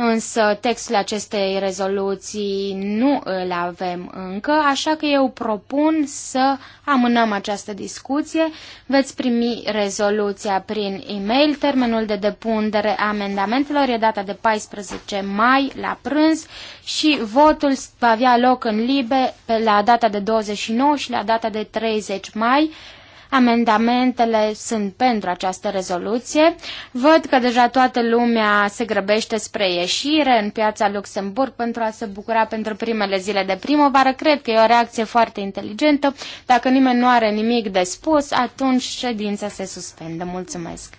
însă textul acestei rezoluții nu îl avem încă, așa că eu propun să amânăm această discuție. Veți primi rezoluția prin e-mail. Termenul de depunere a amendamentelor e data de 14 mai la prânz și votul va avea loc în libe la data de 29 și la data de 30 mai Amendamentele sunt pentru această rezoluție. Văd că deja toată lumea se grăbește spre ieșire în piața Luxemburg pentru a se bucura pentru primele zile de primăvară. Cred că e o reacție foarte inteligentă. Dacă nimeni nu are nimic de spus, atunci ședința se suspendă. Mulțumesc!